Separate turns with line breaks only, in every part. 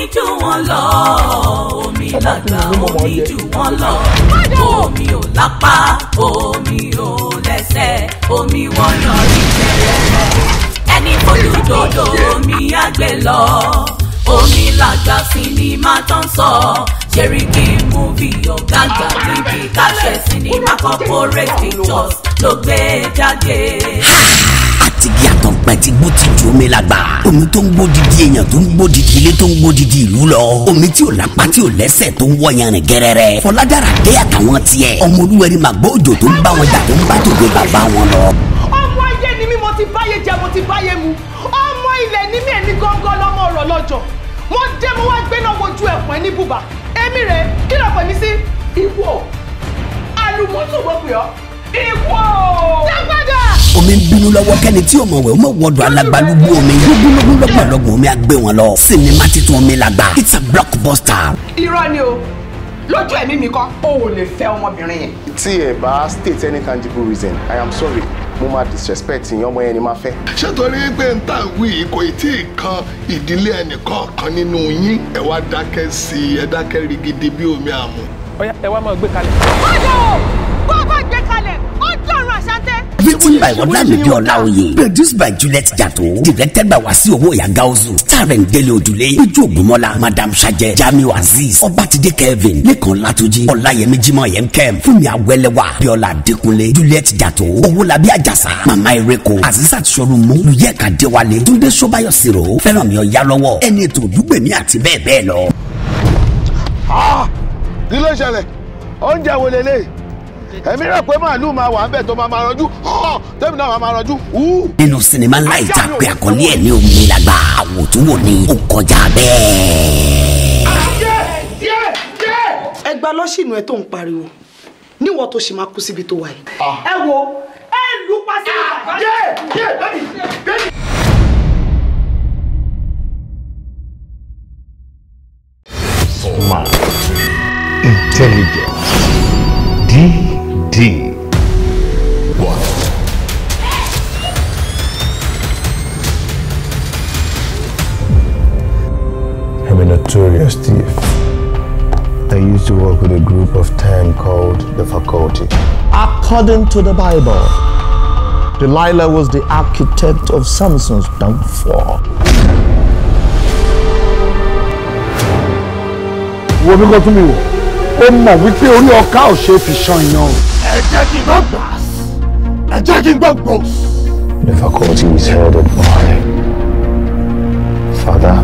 omi jù wọ́n lọ
omi lágbà omi jù wọ́n lọ omi ò lápá omi ò lẹ́sẹ̀ omi wọ́n yọrí tẹ̀lẹ̀ ẹni fojú dodo omi àgbẹ̀ lọ omi lágbà sinimá tán sọ Seriki múvi ọ̀gá àgbà níbi káṣẹ́ sinimá corporate pictures ló gbé jáde
pẹ̀tí gbó ti ju omi la gbà. omi tó ń gbó didi èèyàn tó ń gbó didi ilé tó ń gbó didi ìlú lọ. omi tí ò lápá tí ò lẹ́sẹ̀ tó ń wọ yanrìn gẹ́rẹ́rẹ́. fọládára dé àtàwọn tiẹ̀. ọmọ olúwẹ̀rí màgbọ́ òjò tó ń bá wọn jà tó ń bá tòde bàbá wọn lọ.
ọmọ ayé ni mí mo ti báyé jẹ mo ti báyé mu ọmọ ilẹ̀ ni mí ẹni gángan lọ́mọ ọ̀rọ̀ lọ́jọ́ mo dé mo wá gbéná wojú ẹ̀pọ̀n ẹ̀ ní bùbá èmi rè kí lọ pè mí sí ìwọ àlùmọ́tò gbogbo yọ ìwọ. dá padà
omi ń bínú lọ́wọ́ kẹ́ni tí o mọ̀ wẹ̀ o mọ̀ wọ́dọ̀ alágbálúgbú omi lógúnlógún lọ́gbọ̀lọ́gbọ̀ omi àgbẹ̀ wọn lọ sinimá titun omi làgbà it's a blockbuster.
irọ́ ni o lójú ẹ̀mí mi kọ́ o ò lè fẹ́ ọmọbìnrin yẹn. tí ẹ bá state any
tangible reason i am sorry mo máa disrespect ìyẹn ọmọ yẹn ni máa fẹ́. ṣé torí pé n tà wí kò tí ì kan ìdílé ẹnìkan kan nínú yín ẹ wá dákẹ́ sí i ẹ dákẹ́ rigidi bí omi àmú. ọ̀yá ẹ wá máa gbé kalẹ̀.
bọ́dọ̀ gbọ́dọ̀
written by ọlámídé ọláoyè produced by juliet jato directed by wasiu owó yàgá starring délé odùlé bíjú ògúnmọ́lá madam Shaje, jamiu Aziz, ọbátidé kevin lẹ́kàn látúnjì ọláyẹmí jimoh yẹn kẹ́m fúnmi awẹ́lẹ́wà bíọ́lá adékúnlé juliet jato owólabí Ajasa, mama ereko azizat sọlùmọ́ lùyẹ́ka déwálé túndé sọ́báyọ̀ sírò fẹ́ràn mi ọ̀ yálọ́wọ́ ẹni ètò òdúgbèmí àti bẹ́ẹ̀ bẹ́ẹ̀ lọ.
ah kí ló ṣẹlẹ̀ oúnjẹ wo lélẹ́yìí èmi rẹ̀ pé màálù máa
wà ń bẹ̀ tó máa máa rọjú tẹ́mi náà máa rọjú.
nínú sinimá láì jápé àkọlé ẹ̀ ní omi làgbà àwòtúwò ni ó kọjá bẹ́ẹ̀.
ẹ gba lọ́sìnù ẹ tó ń pariwo níwọ̀n tó ṣì máa kú síbi tó wà yìí. ẹ wo ẹ lù pa sí
smart,
intelligent. One. I'm a notorious thief. I used to work with a group of ten called the faculty.
According
to the Bible, Delilah was the architect of Samson's downfall. What mi kọ́ tún mi wò, ó mọ̀ wípé orí ọ̀ka ò ṣe é fi ṣan iná o mo wipe ori oka cow shape e fi san
attacking bunkers,
attacking the
Difficulty is headed by father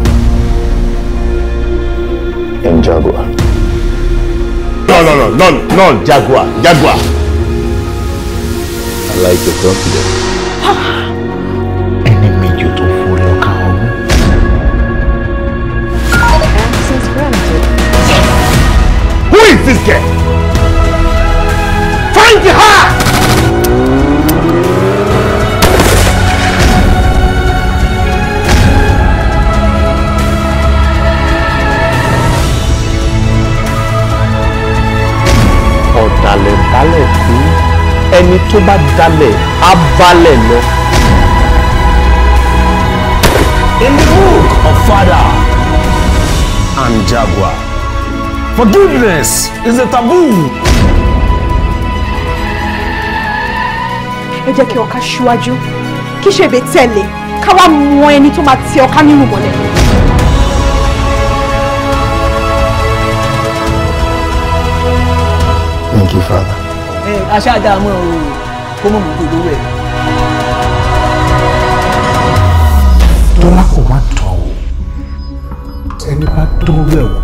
and Jaguar.
No, no, no, no, no, Jaguar, Jaguar.
I like your confidence.
Who is this guy? Find her!
ọ̀dàlẹ̀ dálẹ̀ kú ẹni tó bá dalẹ̀ á balẹ̀ lọ.
In the book of Father and Jaguar,
forgiveness is a taboo.
ẹ jẹ́ kí ọ̀ka ṣíwájú kí ṣèbè tẹ̀lé ká wá mọ ẹni tó máa tẹ ọ̀ka nínú mọ́lẹ̀.
Thank you, Father.
ẹ aṣáájú àmọ́ o kó mọ̀ mú kó lówó ẹ̀.
dọ́là kò má tán o ẹni bá dánwó ẹ̀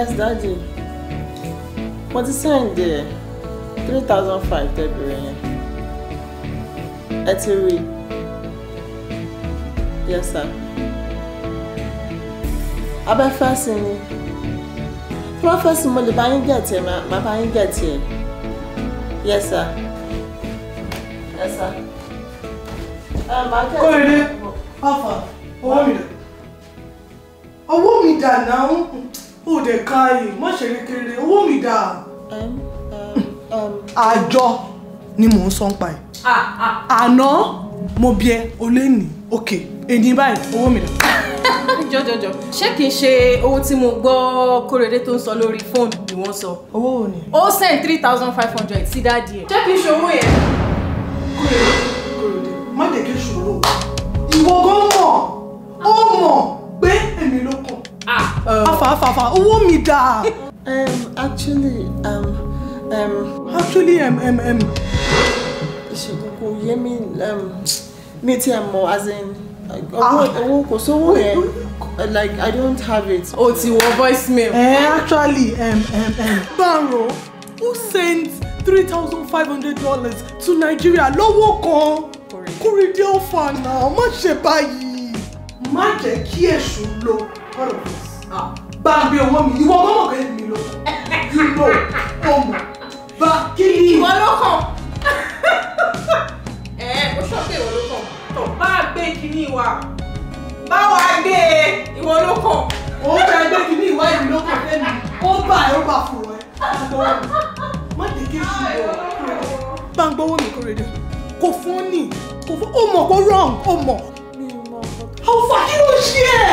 Yes, daddy. Mo ti send there? three thousand five tẹ́ bèrè yẹn. Yes, sir. Abẹ́ fẹ́ sí ni. Tí wọ́n fẹ́ sí mo lè bá yín gẹ̀tì ẹ̀ máa bá yín Yes, sir. Yes, sir. Ẹ máa gẹ̀tì.
Kórìíde, ọ̀fà, owó mi dà. Owó mi dà náà ó dẹ̀ ka yìí má ṣe rí kiri owó mi dà. àjọ ni mò ń sọ́n pa ẹ̀. àná mo bí ẹ o lè nì òkè èyí báyìí owó mi dà. jọjọjọ ṣé kì í ṣe owó tí mo
gbọ́ kórèdé tó ń sọ lórí fóònù ni wọ́n sọ. owó wo ni. ó send three thousand five hundred sí dáàdi ẹ̀.
ṣé kì í ṣe owó yẹn. kórèdé kórèdé má dẹ̀ kí ṣòro ìwọ gan mọ̀ ó mọ̀ pé èmi ló kọ̀. Ah, um, afa afa afa owó mi da? Um, actually um, um, actually
um, um, um. ìṣègùn kò yé mi um, mi ti ẹ̀ as in ah. owó kò sówó yẹn like I don't have it. o ti wọ
voicemail. Eh, eh actually um, um, um. Banro who sent three thousand five hundred dollars to Nigeria lọ́wọ́ kan Kúrìdé Ọ̀fà náà má ṣe báyìí má jẹ́ kí èṣù lọ. What of this? Ah, Bambi owó mi, ìwọ ọmọ mọ̀ pé mi ló fún. You know, mo mọ̀. Bá kí ni? Ìwọ ló kàn.
Ẹ ẹ́ o sọ pé ìwọ ló kàn. Tọ̀ bá a gbé kíní wa. Bá wa gbé e, ìwọ ló kàn. Òun fẹ́ gbé kíní ìwá ìlú ló kàn fẹ́ mi.
Ó bá ẹ̀ ó bá fún ẹ. Má dé kí n ṣe ìwọ. Bá ń gbọ́wọ́ mi kó rẹ̀ dẹ̀. Kò fún ni. Kò fún. Ó mọ̀ kó wrong. Ó mọ̀. Mi ò mọ̀. Àwọn fàkí ẹ̀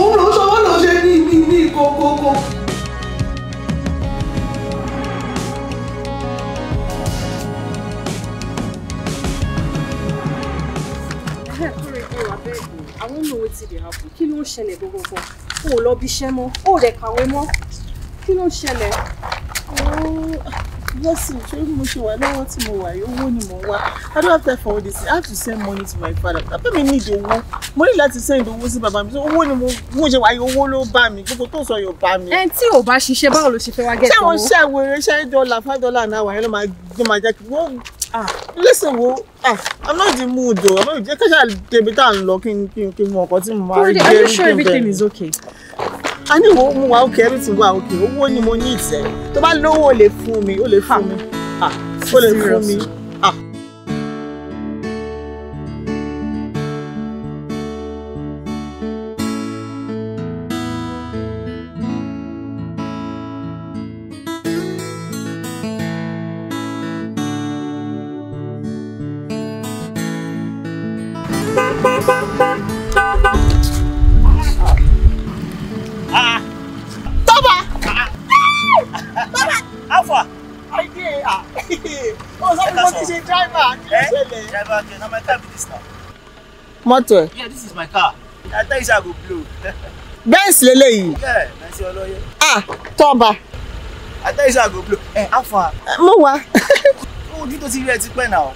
òun ló sọ wọ́n lọ ṣe ní ní ní kókókó.
I don't know wetin dey happen kí ló ń ṣẹlẹ̀ gbogbogbò o ò lọ bí iṣẹ́ mọ́ o rẹ̀ kàwé mọ́ kí ló ń ṣẹlẹ̀
blessing ṣé mo ṣe wà lọ́wọ́ tí mo wà yìí owó ni mo wá i don't have time for all this i have to send money to my father bàbá mi need owó mo ní láti send owó sí bàbá mi so owó ni mo mo ṣe wà yìí owó ló bá mi gbogbo tó sọ yóò bá mi. ẹ tí ò bá ṣiṣẹ́ báwo ló ṣe fẹ́
wá gẹ̀ tó. ṣé wọn ṣe
àwọn eré ṣe five dollar an hour. yẹn ló máa ló máa jẹ́ kí wọ́n ah, ah listen wo ah i'm not in the mood o i'm not in the mood kí ṣáà débi tá à ń lọ kí n kí n mọ ọkọ tí mo máa rí dé rí dé bẹ́ẹ̀. everything is okay a ní ìwọ mú wa òkè everything wa òkè owó ni mo ní ìtẹ́ tó bá lówó o lè fún mi o lè fún mi
o
lè fún mi. mọ́tò ẹ̀. yeah
this is my car i tell you say i go blow.
benz leléyìí.
yeah na ṣe ọlọ́yẹ.
ah tọ́ba.
i tell you say i go blow. ẹ á fa. mo wá. ojú tó ti rí ẹ ti pẹ́ náà ó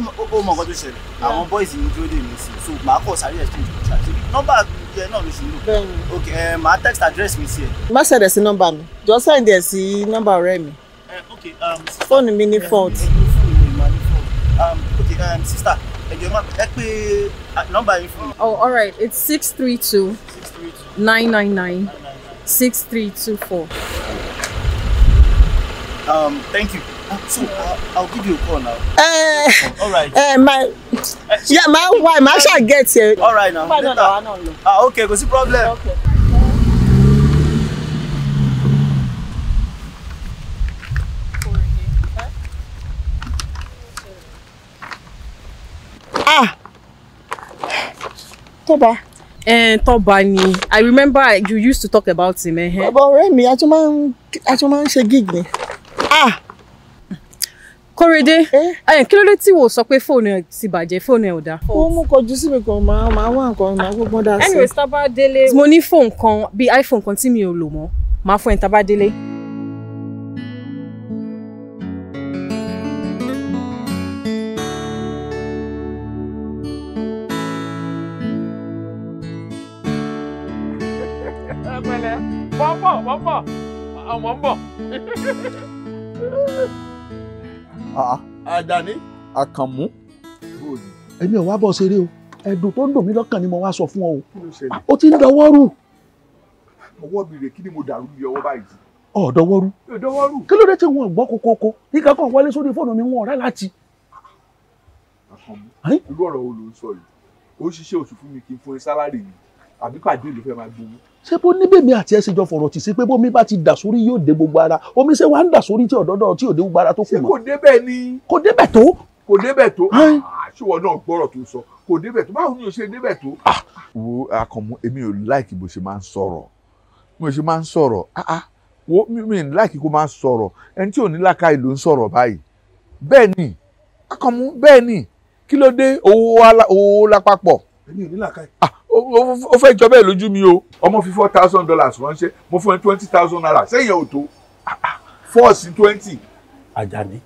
mọ nǹkan tó ṣẹlẹ̀ àwọn boys ní dúró dè mí sí so màá kọ̀ sáré exchange contract nọ́mbà yẹn náà ló ṣe lò. ok eh, màá text address mi sí ẹ.
má ṣẹ̀dẹ̀ sí nọ́mbà mi jọ sẹ́ǹdì ẹ̀ sí nọ́mbà ọ̀rẹ́ mi.
Eh, ok um, eh,
fóònù mi ní fault. fóònù
mi ní fault. ok um, sista oh all right it's six
three two nine nine nine six three two four.
um thank you. Ah, so uh, I'll give you a call now.
Uh, all right. Uh, my yeah, my wife, my shall get here. All right now.
Ah, okay, kò sí problem. Okay.
ah tọ́ba. Eh, toba ni I remember you used to talk about him. Eh? Bàbá ọ̀rẹ́ mi, a tún
máa ń ṣe gig me. Ah! Kóredé, eh? eh, kí Eh, dé leti wò sọ pé fóònù ẹ̀ ti bàjẹ́, fóònù ẹ̀ ò dáa? Ó mú kọjú sí ma kan, màá máa wá nǹkan, màá gbọ́gbọ́n dá sí. Anyways, tábà Mo ní
fóònù kan bíi iPhone kon tí mi ò lò mọ́, màá fún ẹ̀ tábà Mm
bọ̀. Ah. Àjàní. Àkànmú. Èmi ò wá bọ̀ ṣeré o. Ẹ̀dùn tó ń dùn mí lọ́kàn ni mo wá sọ fún ọ o. O ti ń dọwọ́ rù. Ọwọ́ mi rè kí ni mo dàrú yọ ọwọ́ báyìí. Ọ̀dọ́wọ́rú. Ọ̀dọ́wọ́rú. Kí ló dé tí wọn gbọ́ kokoko? Ìkà kan wọlé sórí fóònù mi wọn ọ̀rá láti. Irú ọ̀rọ̀ wo ló ń sọ yìí? Ó ṣiṣẹ́ oṣù fún mi kí n fún ẹ sálárì mi. Àbí pàdé ìlú fẹ́ máa gbowó ṣé bó ní mi àti ẹsẹ jọ fọ̀rọ̀ tì sí pé bómi bá ti dà sórí yóò dé gbogbo ara omi ṣé wàá ń dà sórí tí ọ̀dọ́dọ̀ tí ò dé gbogbo ara tó kù mọ́. ṣé kò débẹ̀ ni. kò débẹ̀ tó. kò débẹ̀ tó ah, ṣùwọ̀n náà gbọ́rọ̀ tó sọ kò débẹ̀ tó báwo ni o ṣe débẹ̀ tó. Ah. wo akọ̀mú èmi ò láìkì bó ṣe máa ń sọ̀rọ̀ bó ṣe máa ń sọ̀rọ̀ ah, wo mi ò láìkì kó máa sọ̀rọ̀ ẹni tí ò ní làákàyè ló ń sọ̀rọ̀ báyìí bẹ́ẹ̀ ni akọ̀mú bẹ́ẹ̀ ni kí ó fẹ́ jọ bẹ́ẹ̀ lójú mi o ọmọ fi four thousand dollars ránṣẹ́ mo fún ẹ twenty thousand naira sẹ́yìn ò tó fọ́ọ̀sì twenty. Àjàní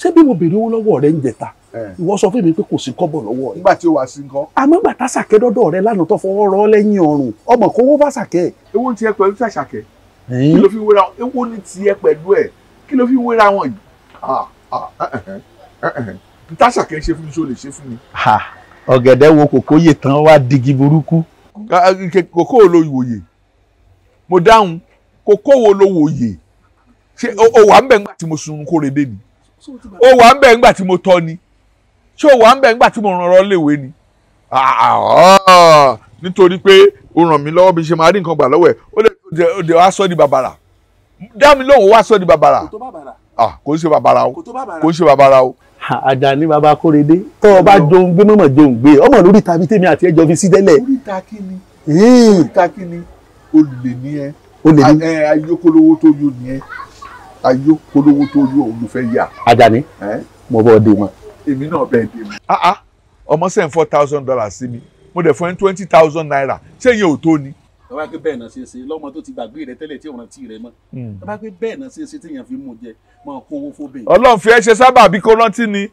ṣé bí mo béèrè owó lọ́wọ́ rẹ ń jẹta ìwọ sọ fún mi pé kò sí kọ́bọ̀ lọ́wọ́ rẹ. nígbà tí o wà sí nǹkan. àmọ́ gbà tá sàkẹ́ dọ́dọ̀ rẹ lánàá tó fọwọ́ rọ́ lẹ́yìn ọrùn ọmọ kó wó bá sàkẹ́. ewu ti ẹ pẹ̀lú sàṣàkẹ́ kí ló fi wéra ewu ni ti ẹ pẹ̀lú ẹ kí ló fi wéra wọn yìí. Ah, ah, eh, eh, eh, tá sàkẹ́ ṣe fún mi ṣó lè ṣe fún mi ọ̀gẹ̀dẹ̀ wo kòkó yè tán wá digi burúkú. kòkó wo lo wòye mo dáhùn kòkó wo lo wòye ṣé o wà ń bẹ̀ ńgbà tí mo sun kórede ni o wà ń bẹ̀ ńgbà tí mo tọ́ ni ṣé o wà ń bẹ̀ ńgbà tí mo rànrọ́ léwe ni. nítorí pé o ràn mí lọ́wọ́ bí ṣe máa rí nǹkan gbà lọ́wọ́ ẹ̀ ó lè wá sọ́ di bàbàrà dá mi lóhùn wá sọ́ di bàbàrà kò ń bàbàrà kò ń ṣe bàbàrà o. Àjàní bàbá Kórèdé tó o bá jòun gbé mọ̀mọ̀ jòun gbé ọmọ lórí tàbí tèmi àti ẹjọ́ fi sí tẹ́lẹ̀. oríta kíni oríta kíni olè ní ẹ ayókòlówó tó yó ní ẹ ayókòlówó tó yó òun ló fẹ́ yà. Àjàní mo bọ́ dé mọ́. èmi náà bẹ́ẹ̀ dé mọ́. Ah, ah. ọmọ sẹ́yìn four thousand dollars sí mi mo dẹ̀ fún ẹ twenty thousand naira ṣé iye ò tó ni tó bá pé bẹ́ẹ̀ náà ṣe ṣe lọ́mọ tó ti gbàgbé rẹ tẹ́lẹ̀ tí ò rántí rẹ mọ́ hmm. tó bá pé bẹ́ẹ̀ náà ṣe ṣe téèyàn fi mú jẹ mọ́ kówó fóbìn. ọlọ́run fi ẹ ṣe sábà bí kó rántí ni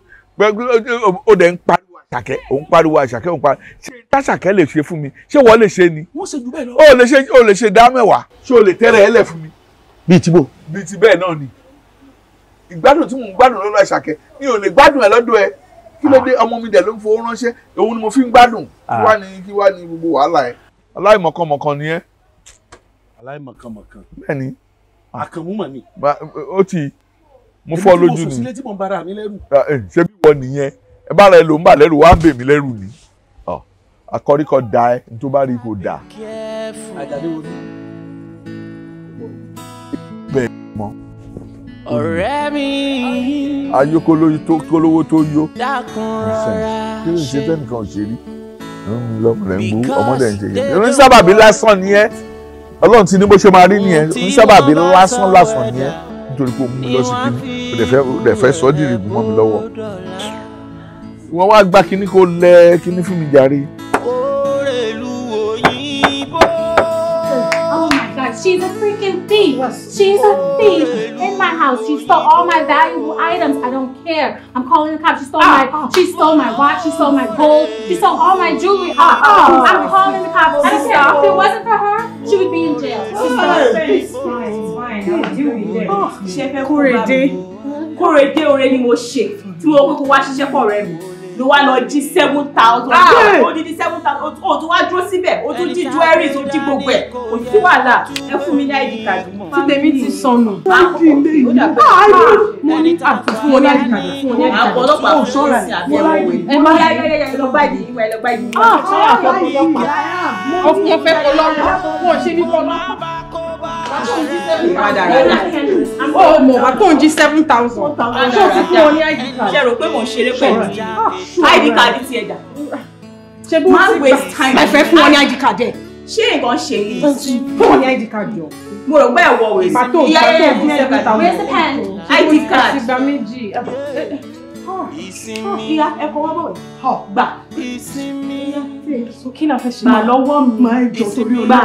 ó dẹ̀ ń pariwo o òun pariwo àṣàkẹ́ òun pariwo ṣé táṣàkẹ́ lè ṣe fún mi ṣé wọ́n lè ṣe ni. wọ́n ṣe jù bẹ́ẹ̀ lọ. ó lè ṣe ó lè ṣe dá mẹ́wàá ṣé o lè tẹ́rẹ̀ ẹ́lẹ̀ fún mi. bíi ti bò. bíi ti bẹ́ẹ̀ náà ni ìgbádùn tí mò ń gbádùn lọ́dọ̀ àṣàkẹ́ mi ò lè gbádùn ẹ̀ lọ́dọ̀ ẹ kí ló dé ah. ọmọ mi dẹ̀ ló ń fowó ránṣẹ́ òun ni mo fi ń gbádùn kí ah. wá ní gbogbo wàhálà ẹ̀ aláìmọ̀kànmọ̀kàn ni ẹ́. aláìmọ̀kànmọ̀kàn. bẹ́ẹ̀ni. Ah. àkànmúmọ̀ ni. ó ti mo fọ́ lójú ni. èmi tí mo sọ sílé tí mo ń bara mi lẹ́rù. Ah, eh, ṣé bí wọ́n nìyẹn ẹ bá rẹ lò ń bà lẹ́rù wá ń bè mí lẹ́rù ni. Ah, àkọ́ríkọ da ẹ tó bá rí kò da. àjàdé wo ni. bẹ́ẹ̀ mọ́. ọ̀rẹ́ mi. ayé kólówó tó yó.
dákun rọra ṣe. kí ló ń ṣe fẹ́
nìkan ṣe rí. Hmm, lọ́mọ rẹ̀ ń bú ọmọ ń ṣe ní sábàbí lásán ni ẹ́ ọlọ́run ti ní bó ṣe máa rí nìyẹn ní sábàbí lásán lásán ni ẹ́ nítorí pé òun mú lọ sí kíní rẹ̀ fẹ́ sọ́ dìrì mọ́ mi lọ́wọ́ wọ́n wá gba kíní kó lẹ kíní fún mi jàre.
She's a freaking thief. She's a thief in my house. She stole all my valuable items. I don't care. I'm calling the cops. She stole my ah. she stole my watch. She stole my gold. She stole all my jewelry. Ah, ah. I'm calling the cops. I don't care. If it wasn't for her, she would be in jail. It's fine. It's fine. Kóredé Kóredé ọ̀rẹ́ ni mo ṣe tí mo kúkú wá ṣiṣẹ́ pọ̀ rẹ̀ mi. ló wá lọ jí seven thousand ó di di seven thousand ó tún wá dúró síbẹ̀ ó tún jewelry ó jí gbogbo ẹ̀ ó ti wàhálà ẹ fún mi ní id card mọ́. tí tèmi ti Ah! mo ní àti fún wọn ní id card fún wọn ní id
card àwọn ọlọ́pàá
ò ṣọ́ra ẹ̀ ẹ má yá yá yá lọ bá ìdí ìwà ẹ lọ bá ìdí ìwà. ọ̀fun ọ̀fẹ́ kọlọ́run kò ṣe ní kọlọ́run ó mọ̀ wá tó ń jí seven thousand ṣé o ti fún wọn ní ah, id card. ṣe rò pé mò ń ṣeré pẹ̀lú ah, id card ti ẹ̀dá. ṣe bí wọ́n ti gbà ẹ̀fẹ̀ fún wọn ní id card ẹ̀. ṣé nǹkan ṣe yìí. fún wọn ní id card yọ. mo rò pé ẹ̀wọ̀ wò sí. pàtó pàtó fún seven thousand. id card. Ah, ìsinmi. ìyá ẹ̀kọ́ wá bọ̀ wẹ̀. gbà ìsinmi kí la fẹ́ ṣe máa lọ́wọ́
mi máa jọ torí olú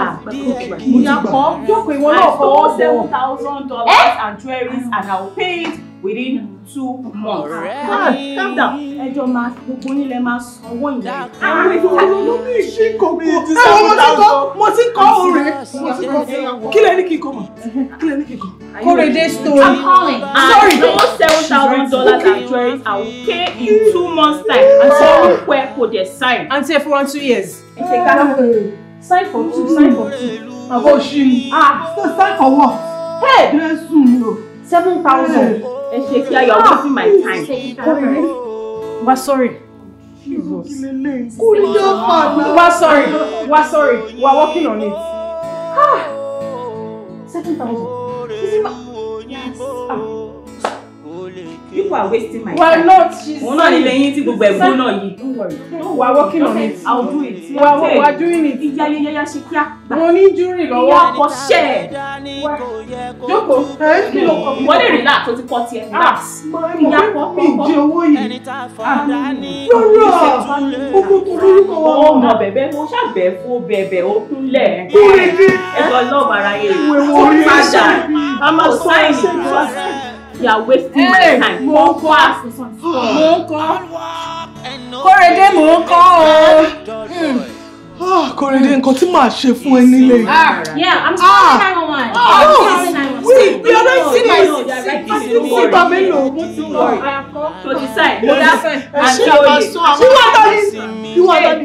ìyàpọ̀ jókòó ìwọ náà fọwọ́ seven thousand dollars eh? and jewelries and I will pay it within two months. Ah, calm down ẹjọ́ máa gbogbo nílẹ̀ máa sanwó ìyá. àwọn olóòlù
ní ìṣe kòkó ẹ̀wọ̀n mo ti kọ́ mo ti kọ́ òrè mo ti kọ́ kí lẹ́ni kí n kọ́ mọ̀ kí lẹ́ni kí
Korede story. I'm calling. Sorry. I know seven thousand dollars and jewelries I will pay in two months time. Àti orúkọ ẹ̀kọ́ kò dẹ̀ sign. àǹtí ẹ fún one two years. ẹ ṣe sign for two sign for two. àbò ṣì ń ah sign for what. Hey, ẹ sùn seven thousand ẹ ṣe kí ayọ̀ wọ́n sí my ah. time. sorry.
Jesus. kúlíọ̀ fàgbà. wá We're sorry.
We're sorry. We're working on it. Ah, seven thousand. people are wasting my well, time. well not she's òun náà nílé yín tí gbogbo don't worry don't worry we are working on it. i will do it. we are doing it. ìyá yẹyẹyẹ ṣe kíá. Money ní júrì lọ́wọ́. ìyá share? ṣẹ́ ẹ̀. jókòó kí ló relax o ti kọ́ tiẹ̀ ah, relax. ìyá ọkọ kọ́ mi jẹ owó yìí. yọ̀rọ̀ ah, kókó tó lórúkọ wọn. ó mọ bẹ̀bẹ̀ mo ṣàbẹ̀ fún bẹ̀bẹ̀ ó kúnlẹ̀. kúrèdè ẹ̀gbọ́n lọ́ọ̀bù ara yẹn. ìwé wo
a máa you are wasting hey, my time. mo ń kọ́ mo ń kọ́
kórèdé mo ń kọ́ o. Hmm. Ah, kórèdé nǹkan tí màá ṣe fún ẹ nílé. Ah. Ah,
yeah i'm sorry nine one one. oh
wait you don see my see ba mélòó. mo
ti wọ àkọ́. mo ti sáì mo dá fẹ́. àti òye. ìwọ àtàlí ìwọ àtàlí.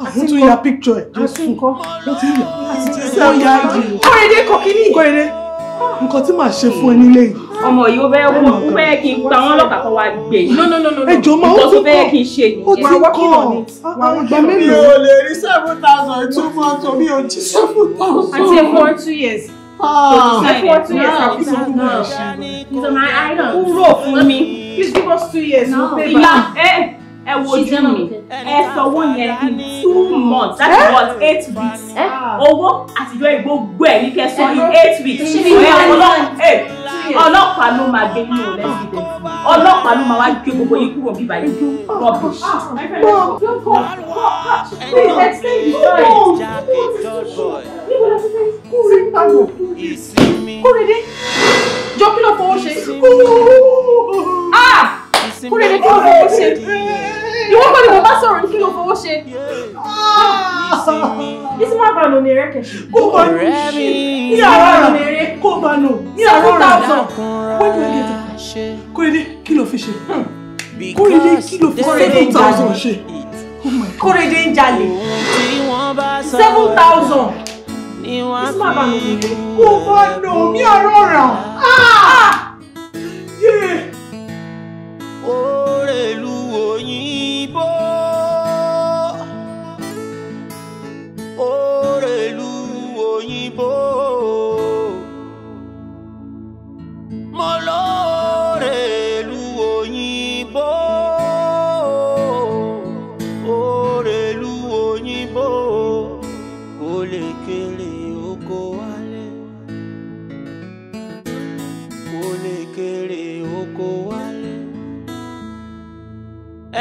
Ah, wọ́n tún ya píkṣọ ẹ̀ jésù wọ́n ti yà àti jésù wọ́n ya ìdí. kọ́rẹ́dé kọ́kínní. kọ́rẹ́dé nǹkan tí màá ṣe fún ẹ nílé yìí. ọmọ yìí ó fẹ́ wù ú fẹ́
kí n pa wọn lọ́kàá kan wá gbé. no no no no no ẹjọ́ máa ó ti
kọ́ ó ti kọ́
àwọn ìgbà mélòó. mi ò lè rí seven thousand two mọ́tò mi ò jí seven thousand. àti ẹ̀kọ́
two years. ẹ̀kọ́ ah. two years àti seven thousand. ǹjọ́ máa ń rò fún mi. please give us two years. ìyá ẹ̀ ẹ wojú mi ẹ sanwó yẹn in two months that is what eight eh? weeks eh? owó àtijọ́ ìgbógbó ẹ̀ ní kẹsàn-án in eh? eight weeks ọlọ́pàá ló máa gbé nínú lẹ́sìdẹ̀ ọlọ́pàá ló máa wá gbé gbogbo yín kúrò bíbá yìí ah, rubbish. Ah, ah, Kúrèdé, jọ kí ló fọwọ́ ṣe?
fi sí mi. kúrèdè kí ló fowó ṣe ìwọ kọ́ ni mo bá
sọ̀rọ̀ ní kí ló fowó ṣe. bísí má bàa lò ní eré kẹsì. kó bá nù ṣe ní àárọ̀ rà
kó bá nù ní àárọ̀ rà tán kúrèdè kí ló fi ṣe hmm. kúrèdè kí ló fi seven thousand ṣe. Oh kúrèdè ń jalè seven thousand
ni
wọn fi máa bá mi kó bá nà mí ọ̀rọ̀ rà.
Ah! Ah!
òrèlú òyìnbó òrèlú òyìnbó mo lọ.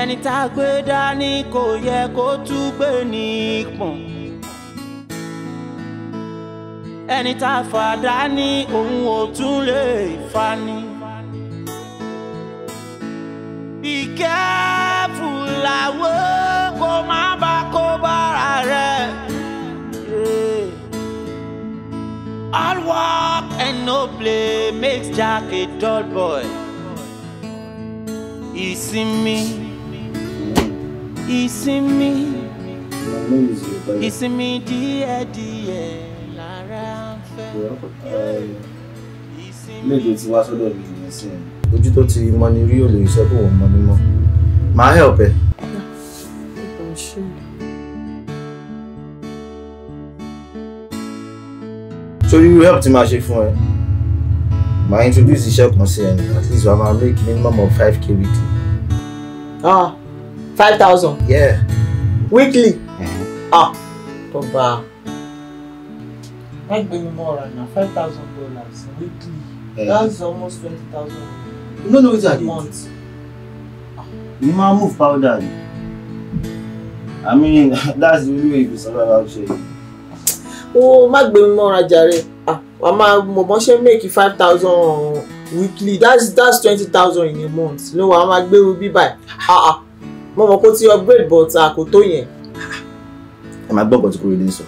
ẹni tá a gbé dání kò yẹ kó tún gbé ní pọ̀n ẹni tá a fà dání òun ò tún lè fani. Be careful àwo kó má bá kó bára rẹ̀. All work and no play makes Jack a dull boy. Ìsinmi ìsinmi ìsinmi díẹ̀díẹ̀ lára
ń fẹ́. léde tí wá sọ́dọ̀ mi nìyẹn sí i ojú tó ti mọ ni rí olè iṣẹ́ kò wọ́n mọ ni mọ́ màá help ẹ. sórí irú help tí màá ṣe fún ẹ màá introduce iṣẹ́ kan sí ẹ at least wàá máa make minimum of five k weekly. Ah five thousand.
Yeah. weekly. Mm-hmm. ah tó bá a. wọ́n gbé mi mọ́ ọ̀rọ̀ àná five thousand dollars weekly that's almost twenty thousand.
you no know wetin i dey do. you ma move powder i mean that's the only way you go survive out here. o má
gbé mi mọ́ra jàre ah, wàá máa mọ̀ bọ́n ṣe make five thousand weekly that's that's twenty thousand in a month ló wàá máa gbé rú bíbáyìí. Ah, ah mo mọ̀ kó ti upgrade but kò tó yẹn.
ẹ máa gbọ́ nǹkan tí Kóredé ń sọ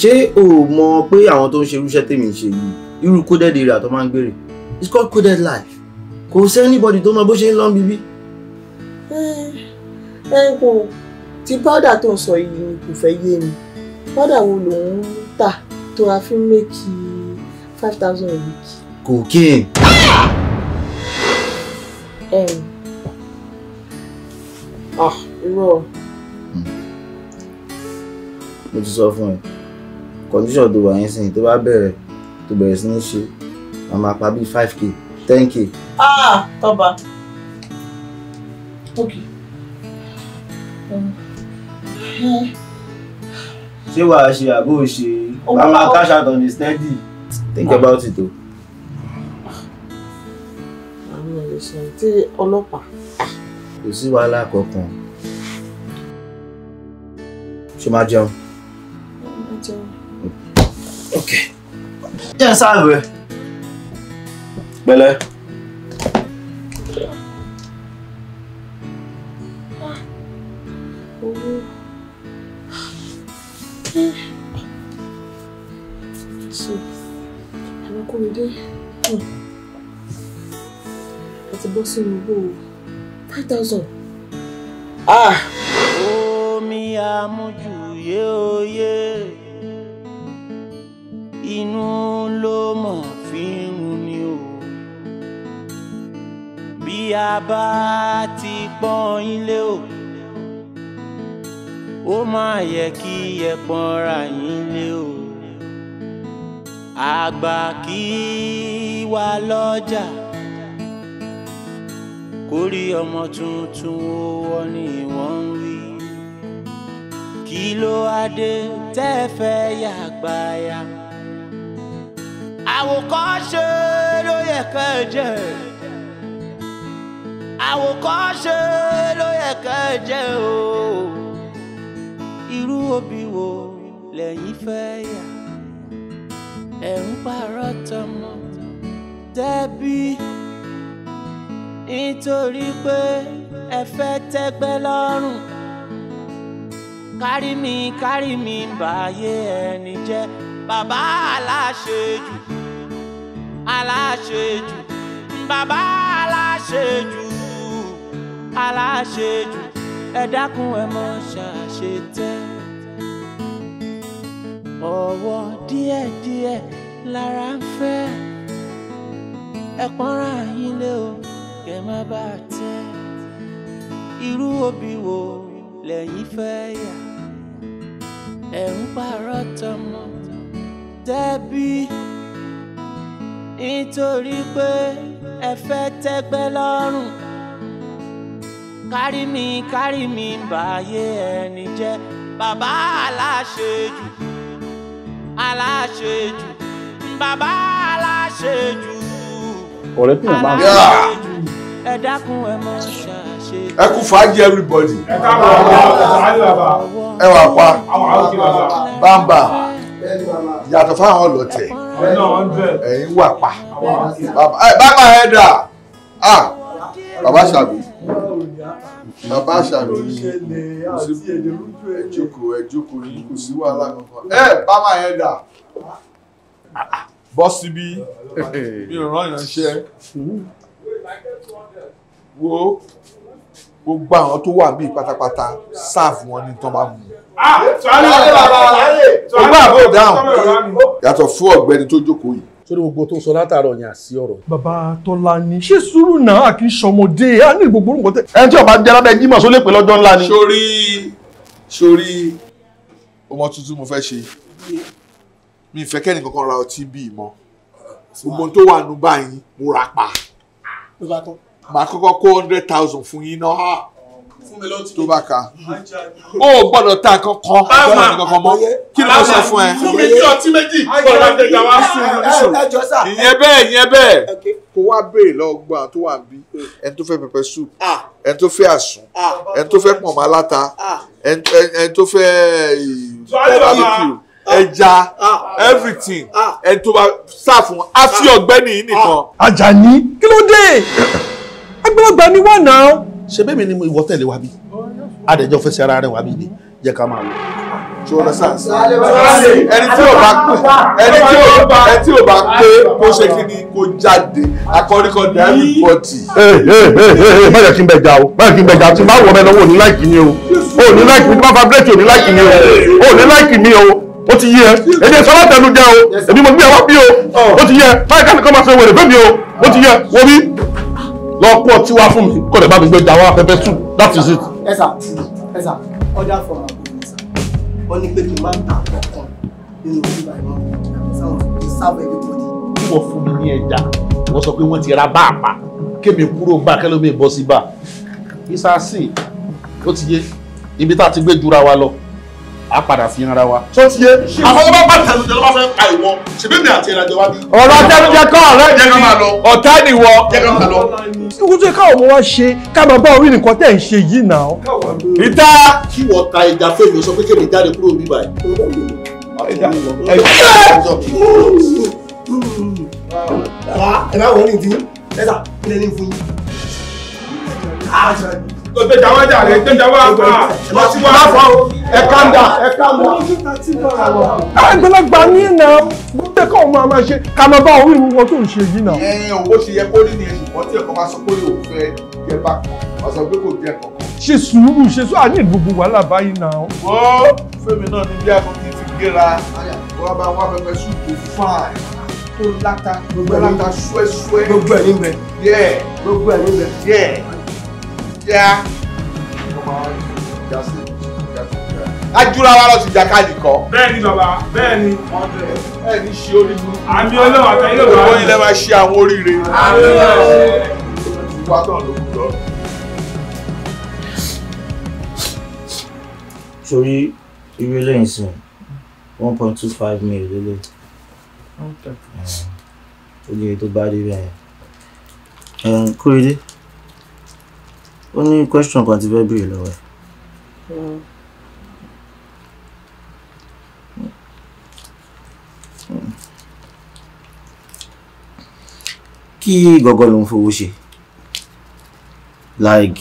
ṣé o mọ̀ pé àwọn tó ń ṣe irúṣẹ́ tèmi ń ṣe yìí irú coded era tó máa ń gbèrè it's called coded life kò sí anybody tó mọ bó ṣe ń lọ bíbí. ẹ ẹ kò
tí powder tó ń sọ yìí ni kò fẹ́ yé mi powder wo lòun ń tà tó a fi ń mẹ́kì five thousand a week. cocaine. Um,
ah irọ́ mo
ti sọ fún ẹ condition tó wà yẹn sìn tó bá bẹ̀rẹ̀ tó bẹ̀rẹ̀ sí ní ṣe a máa pa bíi five k ten k.
ah tọ́ba ok.
ṣé wàá ṣe àbó ṣe wàá máa cash out on the steady. think about it o. Ah. àwọn ẹ̀ṣẹ̀ tí ọlọ́pàá kò sí wàhálà kankan ṣe máa jẹun. ok jẹ́ ń sáàbù ẹ pẹ̀lẹ́.
Àti hm. bọ́ sínú owó o thousand. Ah. omi àmujù yé oyé inú fi ni o bí a bá ti pọ́n ilé o ó máa yẹ kí ẹ pọ́nra yín lé o àgbà kì í wà kórí ọmọ tuntun ó wọ́ ni wọ́n ń wí. kí ló á dé tẹ́ ẹ fẹ́ yàgbáyà. àwòkọ́ṣe ló yẹ kẹ́ ẹ jẹ́ àwòkọ́ṣe ló yẹ kẹ́ o irú òbí wo lẹ́yìn fẹ́ yà ẹ̀ ń parọ́ tọmọ tẹ́bí nítorí pé ẹ fẹ́ tẹ́gbẹ́ lọ́rùn kárí mi kárí mi báyé ẹni jẹ́ bàbá aláṣejù aláṣejù bàbá aláṣejù aláṣejù ẹ dákun ẹ mọ ṣàṣetẹ ọwọ́ díẹ̀díẹ̀ lára ń fẹ́ ẹ pọ́nra yín lé o kẹ má bà tẹ́ irú òbí wo lẹ́yìn fẹ́ yà ẹ̀ ń parọ́ tọmọ tẹ́bí nítorí pé ẹ fẹ́ tẹ́gbẹ́ lọ́rùn kárí mi kárí mi báyé ẹni jẹ́ bàbá aláṣejù aláṣejù bàbá
aláṣejù. ọ̀rẹ́
ẹ dákun
fàájì everybody. ẹ wà pa bàbá yàtọ̀ fáwọn ọlọ́tẹ̀ ẹ̀yin wà pa bàbá ẹ dà bàbá ṣàbí bàbá ṣàbí ẹ jókòó ẹ jókòó yìí kò sí wàhálà kankan ẹ bàbá ẹ bọ́ síbí mi ò rán ìránṣẹ́ wo gbogbo àwọn tó wà bíi pátápátá serve wọn ní tán bá mú ah, gbogbo àbúrò dáhùn yàtọ̀ fún ọ̀gbẹ́ni tó jókòó yìí torí gbogbo tó ń sọ látàárọ̀ yẹn àsí ọ̀rọ̀. bàbá tọ́lá ni ṣé sùúrù náà kì í ṣọmọdé a ní gbogbo orúkọ tẹ. ẹni tí ọba jẹ lábẹ́ jímọ̀ só lè pè lọ́jọ́ ńlá ni. sórí sórí ọmọ tuntun mo fẹ́ ṣe mi ìfẹ́ kẹ́ni kankan ra ọtí bíi mọ́ gbogbo tó wà nù báyìí mo rà pa ló bá kọ́kọ́ kó hundred thousand fún yín náà tó bá ka ó gbọ́dọ̀ ta kankan gbọ́dọ̀ ní kankan mọ́ kí ló sọ fún ẹ. fún mi tí ọtí méjì kọlá tẹgà wá sùn sùn ìyẹn bẹ́ẹ̀ ìyẹn bẹ́ẹ̀ kó wá béèrè lọ́gbà tó wà bí ẹni tó fẹ́ pẹpẹ soup ah. ẹni tó fẹ́ àsùn ah. ẹni tó fẹ́ pọ̀nmọ́ aláta ah. ẹni tó fẹ́ eh, barbecue. Ah. ẹja ah. everything ah. ẹ tó bá sá fún a fi ọ̀gbẹ́ni yìí nìkan. Àjàní kí ló dé agbẹ́lọ́gbà ni wà náà. ṣe bẹ́ẹ̀ mi ni ìwọ tẹ̀lé wa bí adẹ̀jọ́ fẹsẹ̀ ara rẹ̀ wa bí ni jẹ́ ká máa lọ. ẹni tí ò bá pé ẹni tí ò bá ẹni tí ò bá pé kó ṣe kí ni kó jáde akọ́ríkọ́ dẹ́rù pọ̀tì. má jẹ́ kí n bẹ ja o má jẹ́ kí n bẹ ja tí n bá wọ ọmọ ẹ lọ́wọ́ ò ní láìkì ni o ò ní láìkì mi tí n bá fa bírèkì ò ní láìkì mi o ò láìkì mi o ó ti yẹ èdè sọlá tẹnu jẹ o èmi mo gbé àwọn bí o oh. ó ti yẹ báyìí ká nìkan máa ṣe wèrè fẹ́mi o ó ti yẹ wo bí lọ pọ̀ tí wàá fún mi kó lè bá mi gbé dáwọ́ afẹ́fẹ́ tù that is it.
ẹ sà ẹ sà ọjà fọlá ọkùnrin sà wọn ní pé kí n máa ta ọkàn nínú ìgbà ìmọ̀ sáwọn ìsáwọ̀ everybody.
bí wọ́n fún mi ní ẹja wọ́n sọ pé wọ́n ti ra báàpá kémi kúrò bá kẹ́lómi bọ́ sí bá ìsàsì ó ti yé ibi tá a ti gbé jura wa lọ a padà sí ara wa. tó ti yé àwọn ọmọ bá tẹnu jẹ lọ́wọ́ fẹ́ ka ìwọ ṣèbí mi àti ìrìnàjò wa bí. ọ̀rọ̀ atẹnujẹ kọ́ ọ̀rẹ́ jẹ́ ká máa lọ. ọ̀tá ni wọ. jẹ́ ká máa lọ. ìwúso káwọn ọmọ wa ṣe ká bá orí nìkan tẹ̀ ń ṣe yìí nà ó. ìta. kí wọ́n ta ìjà fèmí sọ pé kéde jáde kúrò níbà yìí. ẹ bá wọlé ìdí ẹ ta ilé ní fún yín gbé dáwà jàre gbé dáwà àgbà lọ sí wa fọ ẹ kàńdà ẹ kàńdà.
Ah, àgbàlagbà ní ìnà
gbọ́dọ̀ kọ́ ọmọ àmà ṣe ká máa bá orí wọn tó ń ṣe yìí náà. ẹ owó ṣe yẹ kó rí ni ṣùgbọ́n tí sùúrù ṣe sùúrù àní ìgbogbo wàhálà báyìí náà. ó fẹ́mi náà ní bí àkókò ti gbéra wọ́n bá wá pẹpẹ sùn tó fáà tó láta gbogbo láta súẹ́súẹ́. gbogbo ẹ̀ níbẹ̀. gbogbo ẹ̀ níbẹ̀ kíá ajúra wa lọ sí jàkadì kọ. bẹ́ẹ̀ni bàbá bẹ́ẹ̀ni. ẹ ní ṣe orí mi. àmì olóòwò àtẹyìn òwò. owó ilé máa ṣe àwọn oríire. àmì olóòwò. ìwà náà ló kù lọ.
sórí irú eléyìí sìn one point two five mil lélẹ̀ ó lè tó bá dé bẹ́ẹ̀ kúrò dé ó ní question kan tí fẹ́ béèrè lọ́wọ́ ẹ̀. Hmm. kí gọ́gọ́ ló ń fowó ṣe like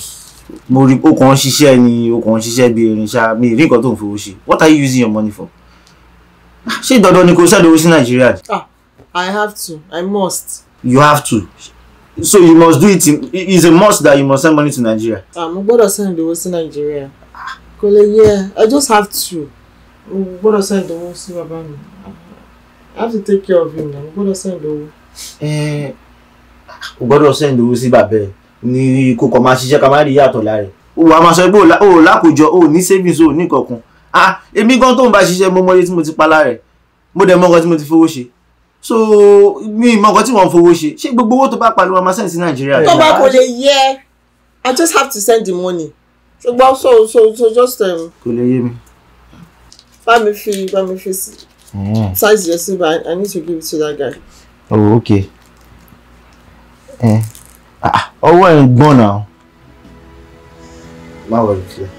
mo rí o kàn ń ṣiṣẹ́ ni o kàn ń ṣiṣẹ́ bí erin ṣá mi rí nǹkan tó ń fowó ṣe what are you using your money for ṣé dandan ni kò ṣàdéwó sí nàìjíríà.
ah i have to i must.
you have to so you must do it in, is a must that you must send money to Nigeria.
Ah, mo gbọ́dọ̀ send owó sí Nàìjíríà kò lè yẹ I just have to mo gbọ́dọ̀ send owó sí bàbá mi I have to take care of him na mo gbọ́dọ̀ send owó.
Eh, o gbọ́dọ̀ send owó sí bàbá ẹ ni kò kàn máa ṣiṣẹ́ ká má rí yàtọ̀ lára ẹ̀ o wà máa sọ pé o lákòjọ o ní savings o ní kankan ah èmi gan tó ń bá ṣiṣẹ́ mo mọ iye tí mo ti pa lára ẹ̀ mo dẹ̀ mọ́ nǹkan tí mo ti fowó ṣe so mi mọ nǹkan tí wọ́n fowó ṣe ṣé gbogbo owó tó bá pariwo ọmọ sẹ́ǹsì Nigeria? tó bá kò lè
yẹ i just have to send the money ṣùgbọ́n so so so just. um. kò lè yé mi. bámi fi bámi fi mm. size yẹn sí but i need to give it to that guy.
oh okay eh. ah, ah, ọwọ́ ẹ̀ ń gbọ́n náà. má wọlé kílẹ̀.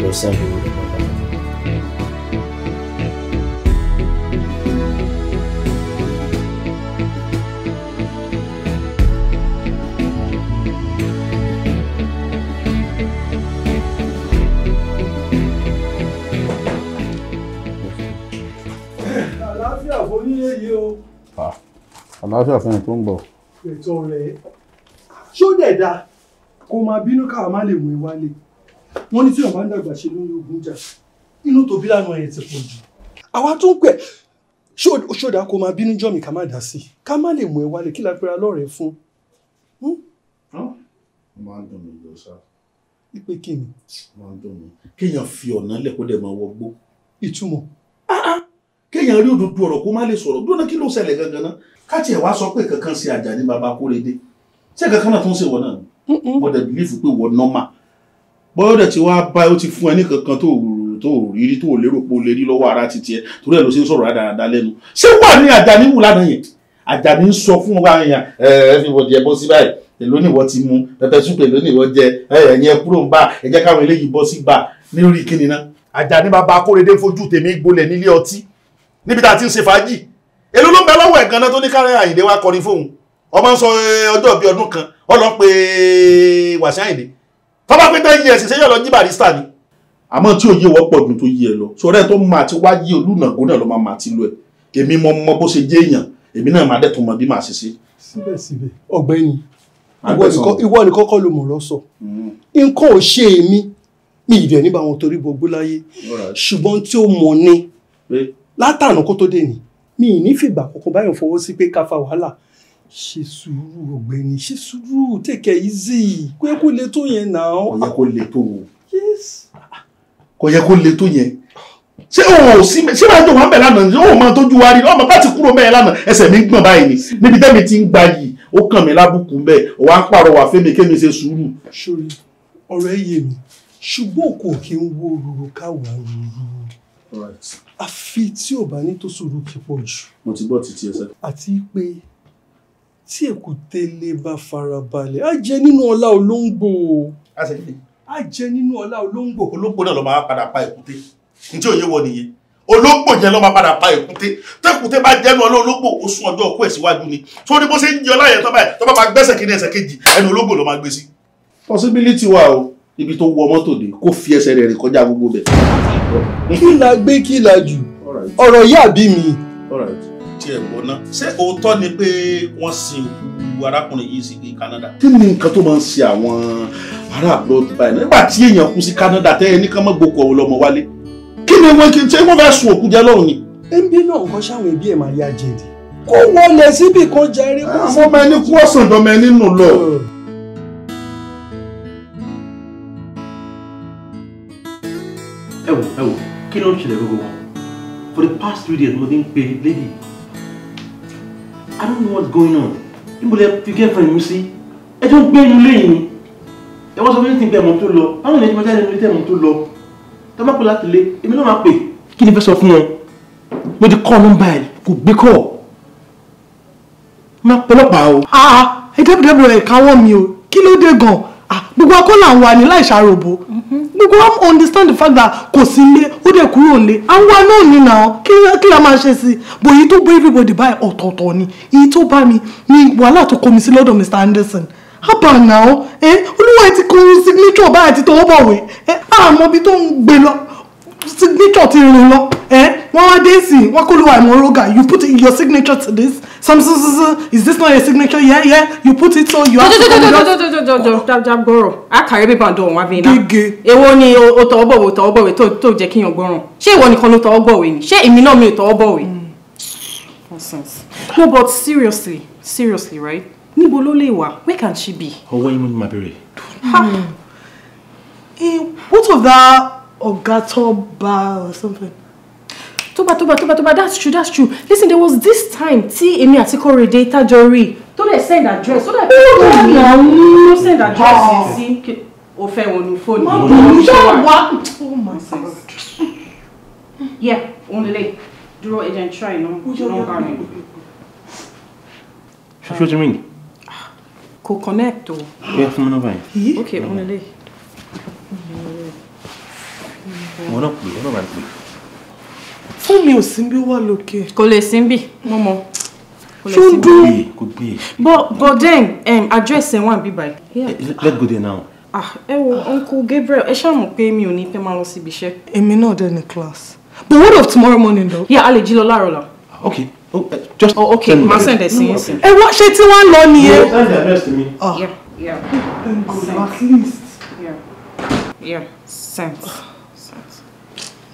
lọ sẹ́yìn lórí.
eléyìí o. àlàáfíà fún ẹ tó ń bọ̀. ètò rẹ̀ ṣó dẹ̀ da kó máa bínú káwa má lè mú ẹ wálé wọn ní tí wọn bá ń dàgbà ṣe lórí ogun jà inú tóbi lánàá ẹ ti pọ̀ jù. àwa tó ń pẹ ṣódà kó máa bínú jọ̀mí ká má dá sí i ká má lè mú ẹ wálé kí la pera lọ́rẹ̀ẹ́ fún. máa ń dùn mí lọ sá. ipe kí ni. máa ń dùn mí kéèyàn fi ọ̀nà lẹ̀ kó dẹ̀ máa wọgbó. ìtumọ̀ ah, ah kéèyàn rí òdodo ọ̀rọ̀ kó má lè sọ̀rọ̀ gbọ́dọ̀ kí ló ṣẹlẹ̀ gangan náà ká tiẹ̀ wá sọ pé kankan ṣe àjà ní baba kórede ṣé kankan náà tó ń ṣe wọ náà mo dẹ̀ bìlífù pé wọ nọ́mà bọ́dọ̀ tí wàá bá ó ti fún ẹ ní kankan tó tó rírí tó lérò pé ó lè rí lọ́wọ́ ara titi ẹ torí ẹ ló ṣe ń sọ̀rọ̀ rádaràda lẹ́nu ṣé wà ní àjà níwù lánàá yẹn àjà ní sọ fún wa yẹn ẹ ẹ fi wọ́n jẹ bọ́ sí báyìí èló ni ìwọ ti mu pẹpẹ súpù èló ni ìwọ jẹ ẹyìn ẹ kúrò ń bá ẹ jẹ káwọn eléyìí bọ́ sí gbà ní orí náà. àjà ní baba akórèdé fojú tèmi gbolẹ̀ nílé ọtí níbi tá a ti ń ṣe fàájì èló ló ń bẹ lọ́wọ́ ẹ̀gán náà tó ní kárẹ́ àyìndé wa kọrin fóun ọmọ ń sọ ọjọ́ bíi ọdún kan ọlọ́ pé wàṣẹ àyìndé tọ́ba pé ten years ṣe yóò barista ni. àmọ́ tí òye wọ́pọ̀ dùn tó yí ẹ lọ sọ̀rọ̀ tó máa ti wáyé olùnàgó náà ló máa máa ti lo ẹ̀ èmi mọ mọ bó ṣe jẹ́ èèyàn èmi náà máa dẹ̀tún mọ bí màá ṣe ṣe. síbẹ̀síbẹ̀ ọ̀gbẹ́ni hmm. mi ìdẹ̀ nígbà wọn torí gbogbo láyé ṣùgbọ́n látànà kó tó dé ni mi ì ní fìgbà kankan báyọ̀ fọwọ́ sí pé ká fa wàhálà ṣe sùúrù ọ̀gbẹ́ni ṣe sùúrù take it easy kó yẹ kó le tó yẹn náà. kò yẹ kó le tó o kò yẹ kó le tó yẹn ṣé o sí ṣé máa dùn wá bẹ̀ lánàá ṣé o máa tójú wa rí ọmọ bá ti kúrò bẹ́ẹ̀ lánàá ẹsẹ̀ mi ń gbọ̀n báyìí ni níbi tẹ́mi ti ń gba yìí ó kàn mí lábùkù bẹ́ẹ̀ ò wá ń pàrọwà fẹ́mi kémi ṣe sùúrù. sori ọ̀rọ̀ yé mi ṣùgbọ́n kò kí ń wo òrùka wà rúru àfi tí ò bá ní tó sùúrù kí pọ̀ jù. mo ti gbọ́ títí ẹsẹ̀. àti pé tí èkúté lè bá farabalẹ̀ á jẹ nínú ọlá olóńgbò. a ṣe kí ni. á jẹ nínú ọlá olóńgbò. olóńgbò náà ló máa padà pa èkúté njẹ́ òye wọ nìyẹn olóńgbò yẹn ló máa padà pa èkúté tẹ́kúté bá jẹ́nu ọlọ́ olóńgbò ó sún ọjọ́ òkú ẹ̀ síwájú ni tó ní bó ṣe ń jẹ ọlá yẹn tó bá gbẹ́sẹ̀ kí ni ẹsẹ̀ kejì ẹnu olóńgbò ló máa gbé sí. possibility wà o ibi tó wọ mọ́tò dé kó fi ẹsẹ̀ rẹ̀ rìn kọjá gbogbo bẹ̀. kí la gbé kí la jù ọ̀rọ̀ yìí àbí mi. tí ẹ gbọ́ ná ṣé òótọ́ ni pé wọ́n sin òkú arákùnrin yìí sí Canada. kí ni nǹkan tó máa ń ṣe àwọn ará àbúrò báyìí nígbà tí èèyàn kú sí Canada tẹ́ ẹ ní ká má gbókò ọlọ́mọ wálé kí ni wọ́n kí n ṣe wọ́n fẹ́ sun òkú jẹ lọ́rùn ni. ẹnbí náà nǹkan sáwọn ẹbí ẹ máa yá jẹ kó wọlé síbì kan
jẹrí. àwọn
ọmọ ẹni kú ọ̀sán dọ́mọ ẹni nù lọ. Hmm.
ẹ wò ẹ wò kí ló ń ṣẹlẹ̀ gbogbo wọn for the past three days mo ti ń pe lady I don't know what's going on níbo lẹ fi girlfriend mi sí ẹ tó ń gbé inú lẹ́yìn ni ẹ wọ́n sọ fún mi ti ń bẹ ẹ̀mọ́ tó lọ báwo ni ẹ ti máa jáde nínú ilé ẹ̀mọ́ tó lọ tó bá pè láti lé èmi náà máa pè kí ni fẹ́ sọ fún wọn mo ti kọ́ nọ́mbà ẹ̀ kò gbé kọ́
máa pọlọ́pàá o. Ah, ah, ẹ dábìdábìdà ẹ̀ káwọ́ mi o kí ló dé gan-an gbogbo akọ́là ń wa ni láì ṣàròbó gbogbo wa understand the fact that kò sí ilé ó dẹ̀ kúrò lé àwa náà ni nà án kí la máa ṣe sí i bò èyí tó bá everybody báyìí ọ̀tọ̀ọ̀tọ̀ ni èyí tó bá mi ni wàhálà tó kó mi sí lọ́dọ̀ Mr. Anderson haba now ẹ olúwa ti kọ signature báyìí ti tọwọ́ bọ̀wé ẹ àmọ́ bí tó ń gbé lọ signature ti rìn lọ ẹ wọ́n wá dé sí wọ́n kó lùwà ìmọ̀ọ́rọ́gà you put your signature to this some some some is this not your signature yeah yeah you put it so you have to come down.
jọjọjọjọjọjọ gbọrọ akàrí bíbá dọ̀ wọ́n abẹ́ iná. gègé. èwo ni o tọwọ́ bọ̀wé tọwọ́ bọ̀wé tó jẹ́ kíyàn gbọ́ràn ṣé ìwọ nìkan ló tọwọ́ bọ̀wé ni ṣé èmi náà mi ò tọwọ́ bọ̀wé.
Hmm.
no but seriously seriously right níbo ló lè wà where can she be.
ọwọ́ yín ni màá bèrè.
Hmm. Eh, what of that ọ̀gá tó bá or something. Toba toba toba toba. that's true that's true listen there was this time tí èmi àti Kórèdé tájọ rí tó lè send address tó lè tó lè ní àwọn ló send address yìí ah. sí o fẹ́ wọn ní fóònù yìí. mo yọ wá oh my god. yeah Only lè dúró agent try no. nọ́mbà mi.
ṣoṣo
ti ring.
kò connect o. bóyá fún mi nọ́mbà yẹn. ok òun lè.
wọn náà pè wọn náà máa ń pè
fún mi ò sí bí wà lókè. kò lè sí bí mo mọ. ṣé ó dún.
kò gbé e.
but but then um, address ẹ wà bí báyìí. Yeah.
let's go there now.
ah ẹ wo uncle Gabriel ẹ ṣáà mọ̀ pé mi ò ní pẹ́ máa lọ síbi iṣẹ́. èmi náà dé ní class but
what of tomorrow morning though. yeah a lè jí lọ láàárọ̀ la.
okay oh, eh, just. oh okay ma send ẹ sí yín sí. ẹ
eh, wá ṣe tí wọ́n lọ nìyẹn. send the address to me. Ah. ah yeah yeah. Thank you. at least. yeah yeah sense.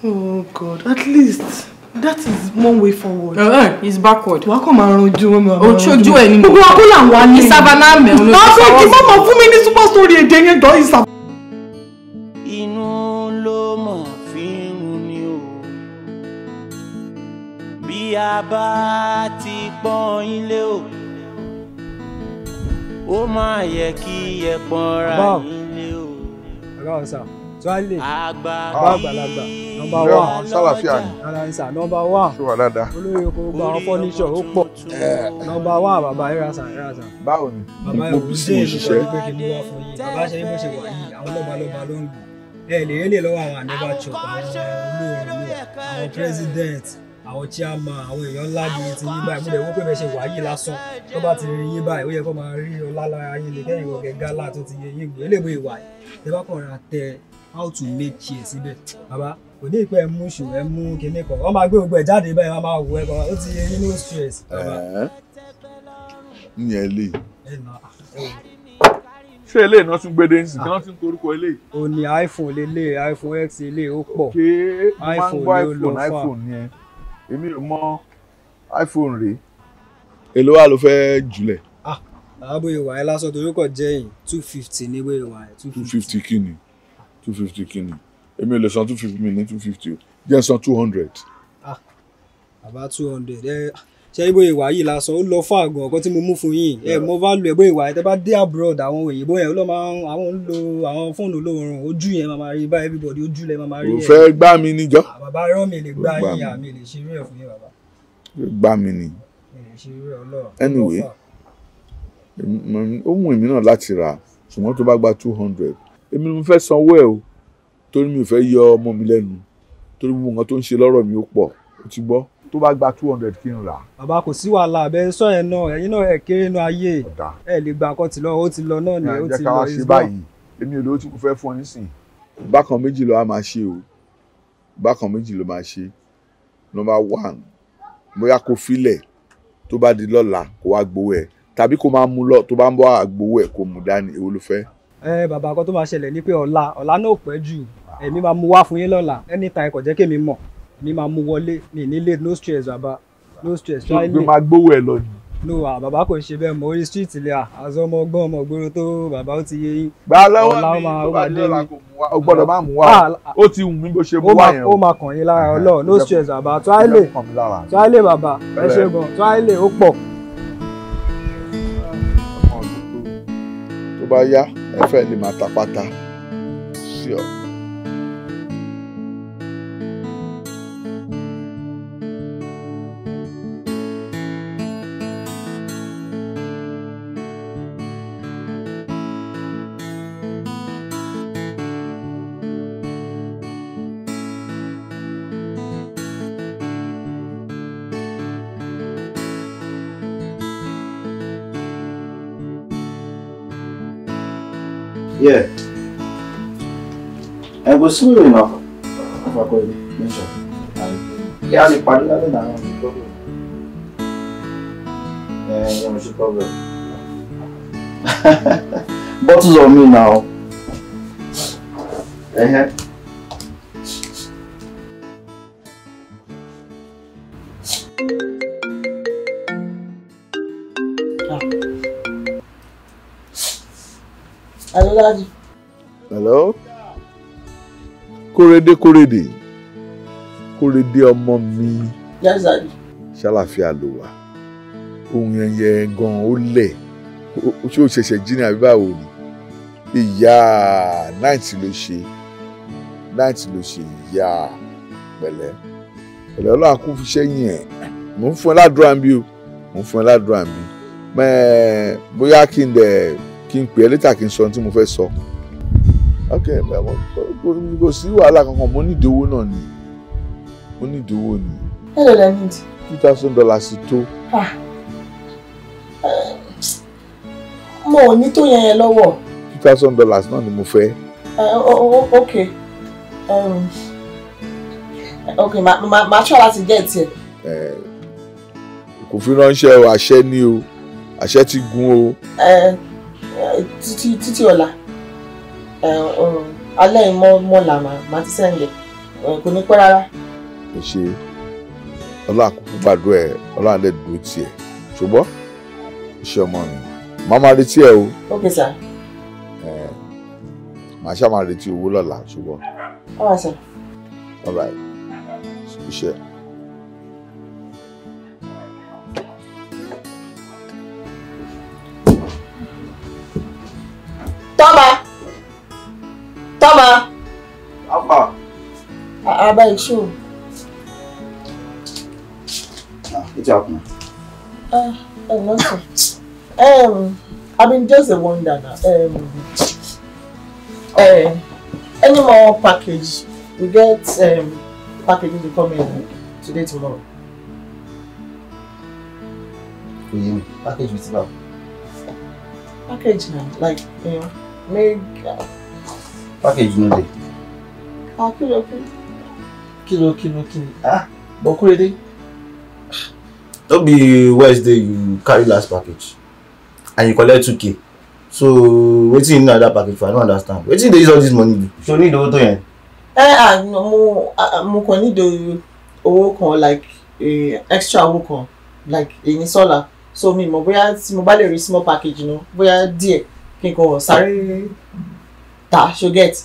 Oh God, at least that is one way forward. Uh, uh, it's backward. Wà á kàn máa ranjú wọn máa ranjú. Ojú ẹ̀ ni mo. Gbogbo akúlà wà ní. Ìsábà náà mẹ́rin ló ti sọ wọ́n. Àwọn ìdí mi ní super story èdè yẹn jọ ìsábà. Inú ló mọ̀ fi
ń ni o. Bí a ti pọ́n ilé o, ó máa yẹ kí ẹ pọ́nra ilé o.
Báwo, ọ̀gá ọ̀sán tuale bàbá àgbàlagbà nọmba wa sálàfíà ni aláìsà nọmba wa olóyè kò gba àwọn fọ́níṣọ̀ ó pọ̀ nọmba wa bàbá ìrasà ìrasà. báwo ni ipò bí sí mo ṣiṣẹ́. bàbá ìròyìn pé kí ni wọ́n fún yín bàbá ṣe bó ṣe wà yìí àwọn lọ́balọ́ba ló ń lò ẹ lè rí lè lọ́wọ́ àwọn àdébà chop àwọn olóòrùn àwọn president àwọn chairman àwọn èèyàn ńlá bíi ti yín báyìí mo lè wọ́n pé bẹ́ẹ̀ ṣe wà yìí lásán tó bá ti rí yín báyìí ó yẹ kó máa rí ọlá lára yín lè kẹ́yìn ọ̀gẹ̀ gálà tó ti yẹ yín gbé eléèbó ìwà yìí ẹ bá kàn ra tẹ how to make chair síbẹ̀ bàbá kò ní ìpẹ́ mú ṣù ẹ mú kinní kan wọ́n máa gbé gbogbo ẹ̀ jáde bẹ́ẹ̀ wọ́n máa wọ ẹ̀ kan ó ti yẹ nínú stress. ń yẹn lè. ṣé eléyìí náà tún gbédè nsì kí wọ́n ti ń torúkọ eléyìí. o ní iphone lélẹ̀ iphone x lélẹ̀ ó pọ̀ iphone ló lọ fà iphone
yẹn èmi ò mọ iphone rèé. èlò wa ló fẹ́ jùlẹ̀.
Ah. ìwà ẹ lásán torí kò jẹ́ two fifty ní ìwé ìwà ẹ two fifty. two
fifty kí ni two fifty kìíní èmi ò lè san two fifty mi ní two fifty o jẹ́ san two hundred.
Ah, àbá two hundred ẹ ṣe ibo ìwà yìí lásán ó lọ fún àgàn ọkọ tí mo mú fún yín ẹ mo bá lu ẹbọ ìwà ẹ tẹ bá dé abroad àwọn òyìnbó yẹn lọ máa àwọn ń lo àwọn fóònù olóòórùn ojú yẹn máa máa rí bá everybody ojú lẹ máa máa rí ẹ. o fẹ́ gbá mi níjọ́. Ah, bàbá rán mi lè gbá yín àmì ah, lè ṣe rí ẹ̀ fún yín bàbá. gbá mi ni. anyway
ó mú èmi náà láti rà ṣùgbọ́n tó bá gba two hundred èmi ni mo fẹ́ sanwó ẹ̀ o torí mi ò fẹ́ yọ ọmọ mi lẹ́nu torí gbogbo nǹkan tó ń ṣe lọ́rọ̀ mi ó pọ̀ ó ti gbọ́ tó bá gba two hundred kí n rà.
bàbá kò sí wàhálà abẹ sọ yẹn náà ẹ̀yin náà ẹ kéré inú ayé ẹ lè gba nǹkan tí lọ ó ti lọ náà ni ó ti lọ ìgbà.
èmi ò lówó tí kò fẹ́ fún ọ nísìn. bákan méjì ló a máa ṣe o bákan méjì ló máa ṣe number one bóyá kó filẹ̀ tó bá di lọ́la kó wá gbowó ẹ̀ tàbí kó máa mú lọ tó bá ń bọ́ àgbowó ẹ̀ kó mú dání èwo
ẹ bàbá kan tó máa ṣẹlẹ̀ ni pé ọ̀la ọ̀la náà pẹ́ jù èmi máa mú wá fún yín lọ́la anytime kò jẹ́ kémi mọ̀ mi máa mú wọlé mi nílé no stress bàbá no stress try me. máa
gbówó ẹ lọ ni.
no à bàbá kò ṣe bẹ́ẹ̀ mọ orí street ilé à àzọ ọmọ ọgbọ́n ọmọ ògbóró tó bàbá ó ti yé yín. gba lọ́wọ́ mi tó bá dé ọ̀la kò mú wa o gbọ́dọ̀ máa mú wa ó ti wù mí bó ṣe mú wa yẹn o. ó máa kàn yín lára ọlọ́ọ̀ no stress bàbá try lè try lè bàbá ẹ ṣe gan try lè ó pọ̀.
bá yá ẹ fẹ́ lè máa tapata sí ọ.
Yeah. Ẹ kò sí ìrìn náà. Ọ̀fà kọ́ ilé, ní ìṣọ̀. Kí a lè parí lálẹ́ náà ní ìgbọ́gbọ̀. Ẹ ẹ mo ṣe Bottles on me now. Uh-huh.
Ọlájì.
hello kórèdé kórèdé kórèdé ọmọ mi. yes sir. ṣàlàfíà ló wà ohun ẹyẹ gan ó lẹ̀ ṣé o ṣẹ̀ṣẹ̀ jí ní àbí báwo ni ìyá náìtì ló ṣe náìtì ló ṣe ìyá pẹ̀lẹ́ pẹ̀lẹ́ ọlọ́run kún fi sẹ́yìn ẹ̀ mò ń fún ẹ ládùúrà mi o mò ń fún ẹ ládùúrà mi bóyá kí n dẹ̀ kí n pè ẹ́ létà kí n sọ ohun tí mo fẹ́ sọ. ok kò sí wàhálà kankan mo ní ìdíwọ́ náà ni mo ní ìdíwọ́ ni. hello leonid. two thousand dollars tó. Ah. mo ò ní tó yẹn yẹn lọ́wọ́. two thousand dollars náà ni mo fẹ́.
Eh, ok um, ok màá tọ́ láti jẹ́ ìtì
ẹ̀. kò fi ránṣẹ́ o àṣẹ ni o àṣẹ ti gún o.
Uh, titi títí ọ̀la um, alẹ́ ìmọ̀ mọ̀lá màá ti sẹ́ǹdẹ̀ kò ní pẹ́ rárá.
ẹ ṣe ọlọ́run àkókò gbàdúrà ẹ ọlọ́run lè dúró tiẹ̀ ṣùgbọ́n iṣẹ́ ọmọ mi màá máa retí ẹ o. ok sir. ẹ màá ṣáà máa retí owó lọ́la ṣùgbọ́n. all right sir. all right
Toma! Toma! Apa? A'a bai so.
Ah, it's up now.
Uh, ah, oh, eh, nothing. um, I mean, just a wonder now. Um, uh, any more package? We get um, packages to come in today, tomorrow.
Package with love.
Package now, like, you know. mega.
package no dey.
akilokilo.
Kilo, kilo kilo. ah Bokurede ah, no be Wednesday you carry last package and you collect 2k so waiting you need package for i don't understand Waiting you dey use all this money do so you need owó tó Eh,
ẹ ah, no mo ah, mo kàn need work kan like eh, extra work kan like èyí solar. so me mọ̀ bóyá tí mo bá lè small package you know bóyá díẹ̀ kí n kò ta ṣo
get.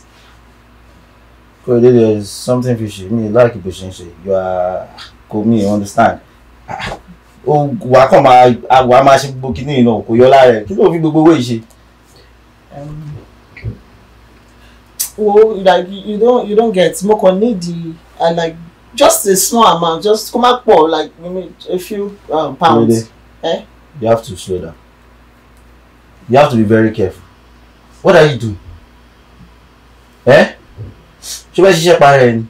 kò there is something fishy mi láàkì bó ṣe you are kò me. understand Oh, á come máa wà á máa ṣe gbogbo kinní náà kò yọ lára ẹ kí fi gbogbo owó yìí
wo like you don't you don't get mo kàn need the uh, like just a small amount just kó má pọ̀ like a few um, pounds. Eh?
you have to slow down. You have to be very careful. What are you doing? Eh? Ṣé bẹ́ẹ̀ ṣiṣẹ́ parẹ́ ni?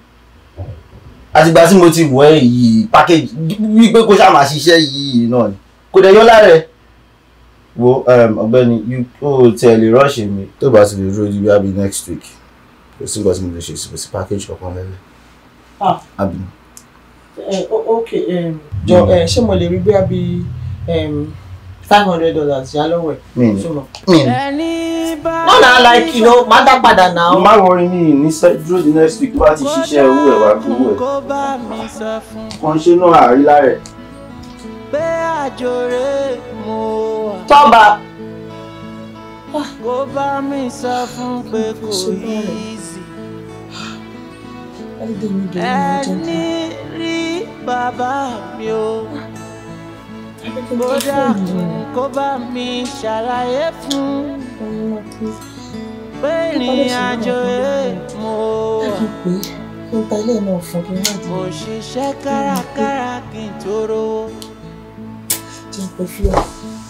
Àtìgbà tí mo ti wọ̀ ẹ́ yìí package wípé kó ṣáà máa ṣiṣẹ́ yìí náà ni. Kò dẹ̀ yọ lára ẹ̀. Wo um, ọ̀gbẹ́ni o tẹ̀ lè rọ́ọ̀ṣẹ̀ mi tó bá ti lè dúró di bíi next week. Kò sí nǹkan tí mo lè ṣe sí kò sí package kankan lẹ́lẹ̀. Ah. Àbí.
Eh, ok, um, jọ mm. eh, ṣé mo lè rí bí a five hundred dollars ya lọ́wọ́ ẹ̀ súnmọ́.
náà náà like you know má dá
padà náà. má
wọrí mi ní dúró di next week tó bá ti ṣiṣẹ́ owó ẹ̀ wá gbowó ẹ̀. kan ṣe náà àrí lára ẹ̀.
tọ́ba. Ah. kó bá mi sọ fún pé kò yí sí. Ah. ẹni rí bàbá mi o. Ah kó dákun fún pé ìrìn àjò ẹ̀ mo mo ṣiṣẹ́ kárakára kí n tó rówó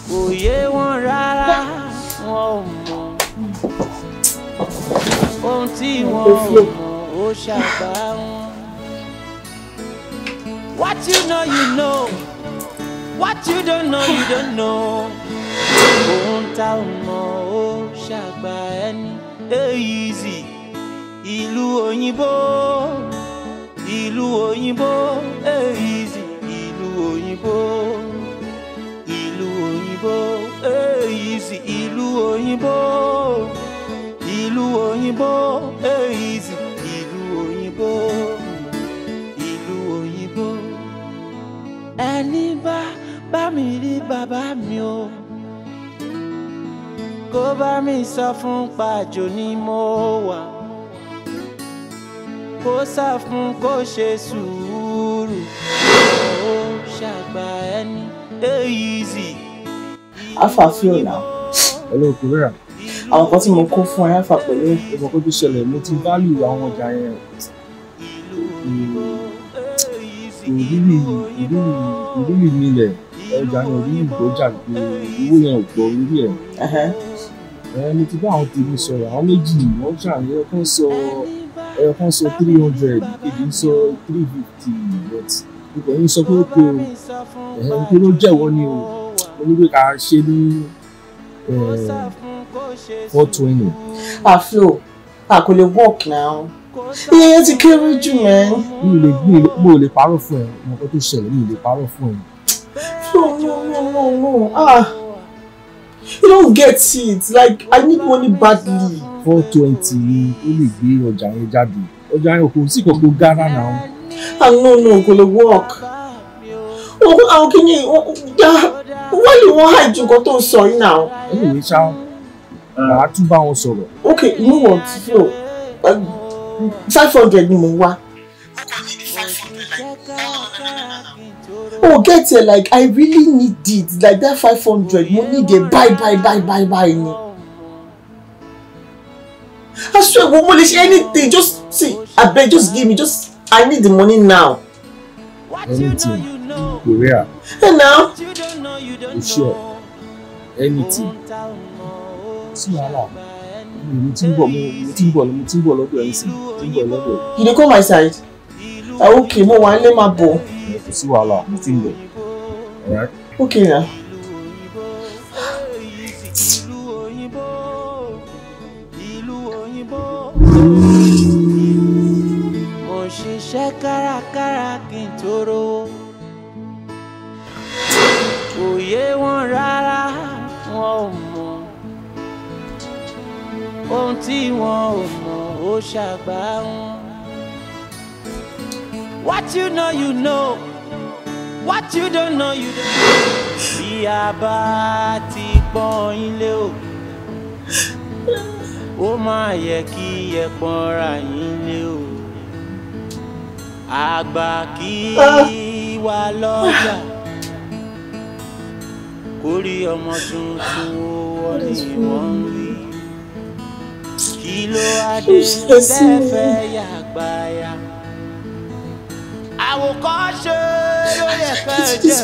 kò yé wọn rárá wọn ò mọ̀ ohun tí wọn ò mọ̀ ó ṣàbá wọn. What you know, you know. What you don't know, you don't know. tell Ohun tá ò mọ̀ ó Ilu ẹni. Easy. ilu òyìnbó. Ìlú òyìnbó. Easy. ilu òyìnbó. Ìlú òyìnbó. Easy. Ilu Ìlú òyìnbó. Ìlú òyìnbó. Easy. Ìlú òyìnbó. bàbá mi o kó bá mi sọ fún pàjọ ni mo wà kó sá fún kó ṣe sùúrù ó ṣàgbà ẹni èyí zì.
afáfíọ̀nà olóògùn rẹ̀ àwọn kan tí mo kó fún ayáfà pẹ̀lú ìmọ̀
ṣẹlẹ̀ mo ti válù àwọn ọjà yẹn hmm. ìrírí ìrírí ìrírí nílẹ̀ ọjà yẹn rí ìgbọ́jà pé owó yẹn ò orí ẹ̀. mo ti bá àwọn tèmi sọ̀rọ̀ àwọn méjì wọ́n ṣàní ọkàn sọ ọkàn sọ three hundred kejì sọ three fifty but ipò yín sọ pé ó pe o pé ló jẹ́wọ́ ni o mo ní pé ká ṣe
ní four twenty. àflo àkò lè work now iye yẹn ti kéré jù mẹ́. mi ò lè parọ́
fún ẹ nǹkan tó ṣẹlẹ̀ mi ò lè parọ́ fún ẹ.
No, no, no, no, no. Ah.
You don't get it. Like, I need money badly. Four twenty ni
ó lè gbé ọjà yẹn jáde. Ọjà yẹn kò sí kankan gara náà. Ah no no, kò lè work. Ogun How can you? lè wọ́n hàn ju hide
tó ń sọ yìí náà. Ẹni ìwé ṣá,
màá tún bá wọn sọ̀rọ̀.
Okay, you know what, Flo? Um, five hundred ni mo o oh, get it like i really need it like that five hundred mo need it buy buy buy buy buy ni i swear wo mo lè anything just see abeg just give me just i need the money now.
anything korea. ẹ na. Sure. anything sí wàhálà mo ti ń bọ̀
mo ti ń bọ̀ lọ́dọ̀ ẹ̀ sí mo ti ń bọ̀ lọ́dọ̀ ẹ̀. you dey come my side òkè ah, mo wà nílé máa bọ̀.
kò sí wàhálà mo ti ń lọ. òkè náà. mo ṣiṣẹ́ kárakára kí n tó rówó kò yé wọn rárá wọn ò mọ̀ ohun tí wọn ò mọ̀ ó ṣàgbá wọn. What you know, you know. What you don't know, you don't know. Bí a bá ti pọ́n ilé o, ó máa yẹ kí ẹ pọ́nra yín lé o. Àgbà kì í wà lọ́jà, kó rí ọmọ tuntun ó wọlé wọ́n ń rí. Kí ló adé tẹ́fẹ́ yàgbáyà? àwòkọ́ṣe ló yẹ kẹ́jẹ́